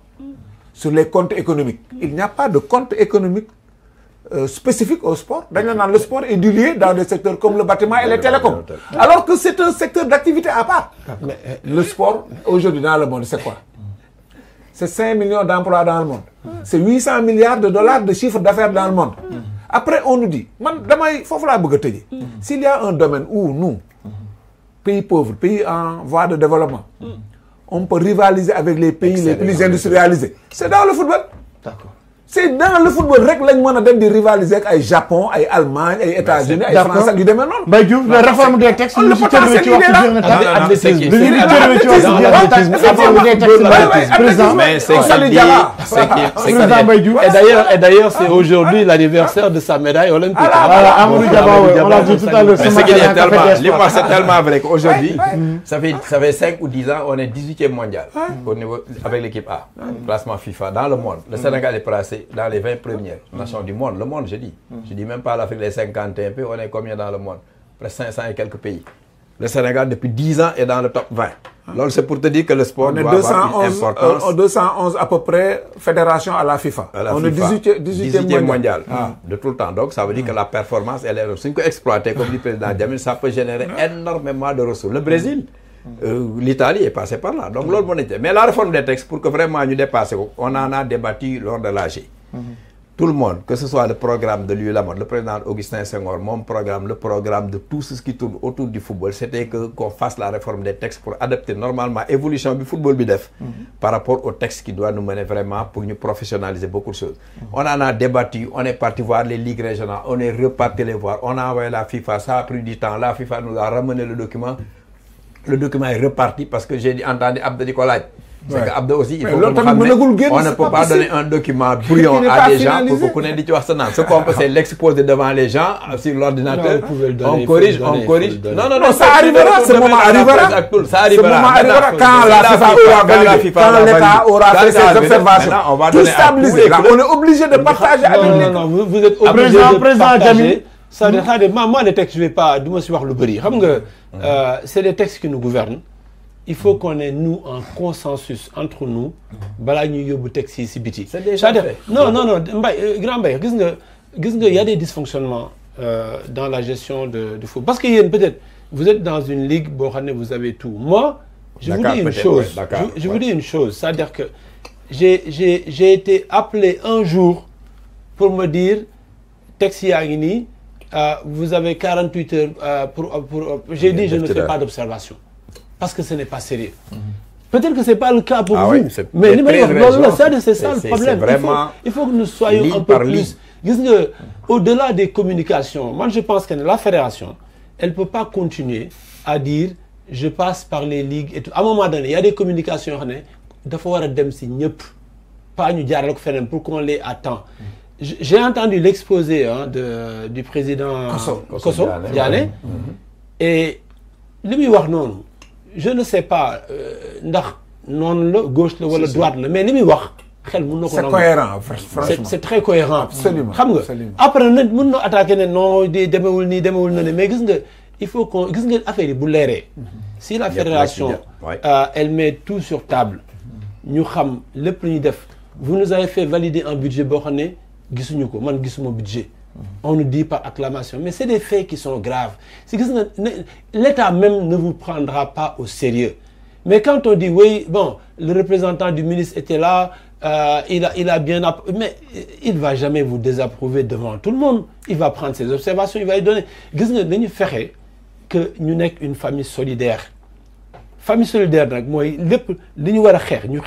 S3: sur les comptes économiques. Il n'y a pas de compte économique euh, spécifique au sport. D'ailleurs, le sport est dilué dans des secteurs comme le bâtiment et les télécoms. Alors que c'est un secteur d'activité à part. Mais euh, le sport, aujourd'hui, dans le monde, c'est quoi C'est 5 millions d'emplois dans le monde. C'est 800 milliards de dollars de chiffre d'affaires dans le monde. Après, on nous dit, il faut s'il y a un domaine où nous, pays pauvres, pays en voie de développement, on peut rivaliser avec les pays les plus industrialisés. C'est dans le football. D'accord c'est dans le football rek lañ a dem di rivaliser le Japon ay Allemagne ay bah, États-Unis ay France ak yu demee noonu. Mbaye Diouf la réforme des textes. c'est ci cërëwee ci wax ci biir ci
S2: c'est qu'il c'est et d'ailleurs et d'ailleurs c'est aujourd'hui
S1: l'anniversaire de sa médaille olympique. Ah voilà Amadou Diaba on l'a dit tout à l'heure. mais c'est qu'il est tellement c'est tellement vrai qu'aujourd'hui ça fait ça fait 5 ou 10 ans on est 18 e mondial. avec l'équipe A. classement FIFA dans le monde le Sénégal est placé dans les 20 premières nations du monde, le monde, je dis. Mm. Je dis même pas l'Afrique, les 51 peu on est combien dans le monde Près 500 et quelques pays. Le Sénégal, depuis 10 ans, est dans le top 20. Alors, ah. c'est pour te dire que le sport on doit avoir une euh, importance. On est 211 à peu près fédération à la FIFA. on est 18e, 18 18e mondial. Ah. De tout le temps. Donc, ça veut dire que ah. la performance, elle est... aussi une comme dit le président Diamine ça peut générer énormément de ressources. Le Brésil, euh, l'Italie est passée par là donc mhm. l'autre mais la réforme des textes pour que vraiment nous dépassions, on en a débattu lors de l'AG mhm. tout le monde que ce soit le programme de l'UEMOA le président Augustin Senghor mon programme le programme de tout ce qui tourne autour du football c'était que qu'on fasse la réforme des textes pour adapter normalement l'évolution du football Bidef mhm. par rapport au texte qui doit nous mener vraiment pour nous professionnaliser beaucoup de choses on en a débattu on est parti voir les ligues régionales on est reparti les voir on a envoyé la FIFA ça a pris du temps la FIFA nous a ramené le document le document est reparti parce que j'ai entendu Abdou di C'est que aussi il faut que on ne peut pas donner un document brillant à des gens pour qu'on ait dit tu ce qu'on peut c'est l'exposer devant les gens euh, sur l'ordinateur on corrige on corrige. non non non ça arrivera ce moment arrivera
S3: ça arrivera quand la aura quand l'État aura fait ses observations. tout stabiliser on est obligé de partager avec les. non non
S2: vous êtes obligé de partager ça à dire moi les textes je ne vais pas du ma si wax lu bëri xam nga. Euh, c'est les textes qui nous gouvernent. il faut qu'on ait nous un consensus entre nous balaa textes biti. c'est déjà fait non non non euh, grand Bay, gis nga y a des dysfonctionnements euh, dans la gestion de de foot parce que a peut-être vous êtes dans une ligue vous avez tout moi. je vous dis une chose je, vous dis une chose c'est-à-dire que j'ai j'ai j'ai été appelé un jour pour me dire Texi Agni euh, vous avez 48 heures euh, pour, euh, j'ai dit je ne fais pas d'observation parce que ce n'est pas sérieux. Peut-être que ce n'est pas le cas pour ah vous, mais
S1: c'est ça le problème. Il faut,
S2: il faut, que nous soyons un peu plus. Au-delà des communications, moi je pense que la fédération, elle ne peut pas continuer à dire je passe par les ligues et tout. À un moment donné, il y a des communications, il faut avoir des pas nous dire pour qu'on les attend j'ai entendu l'exposé hein, du président Kosso, Kosso mm-hmm. Et lui muy wax je ne sais pas euh, ndax non la gauche la le droite mais lui muy wax xel c'est cohérent franchement c'est très cohérent. absolument après nous non di demewul nii demewul mais il faut qu'on gis nga affaire yi bu mm-hmm. si la fédération euh, elle met tout sur table. nous xam le lu ñuy def vous nous avez fait valider un budget borné budget on ne dit pas acclamation mais c'est des faits qui sont graves c'est que l'état même ne vous prendra pas au sérieux mais quand on dit oui bon le représentant du ministre était là euh, il a il a bien mais il va jamais vous désapprouver devant tout le monde il va prendre ses observations il va y donner gis nga dañu que ñu nek une famille solidaire famille solidaire nak moy les liñu wara xex ñu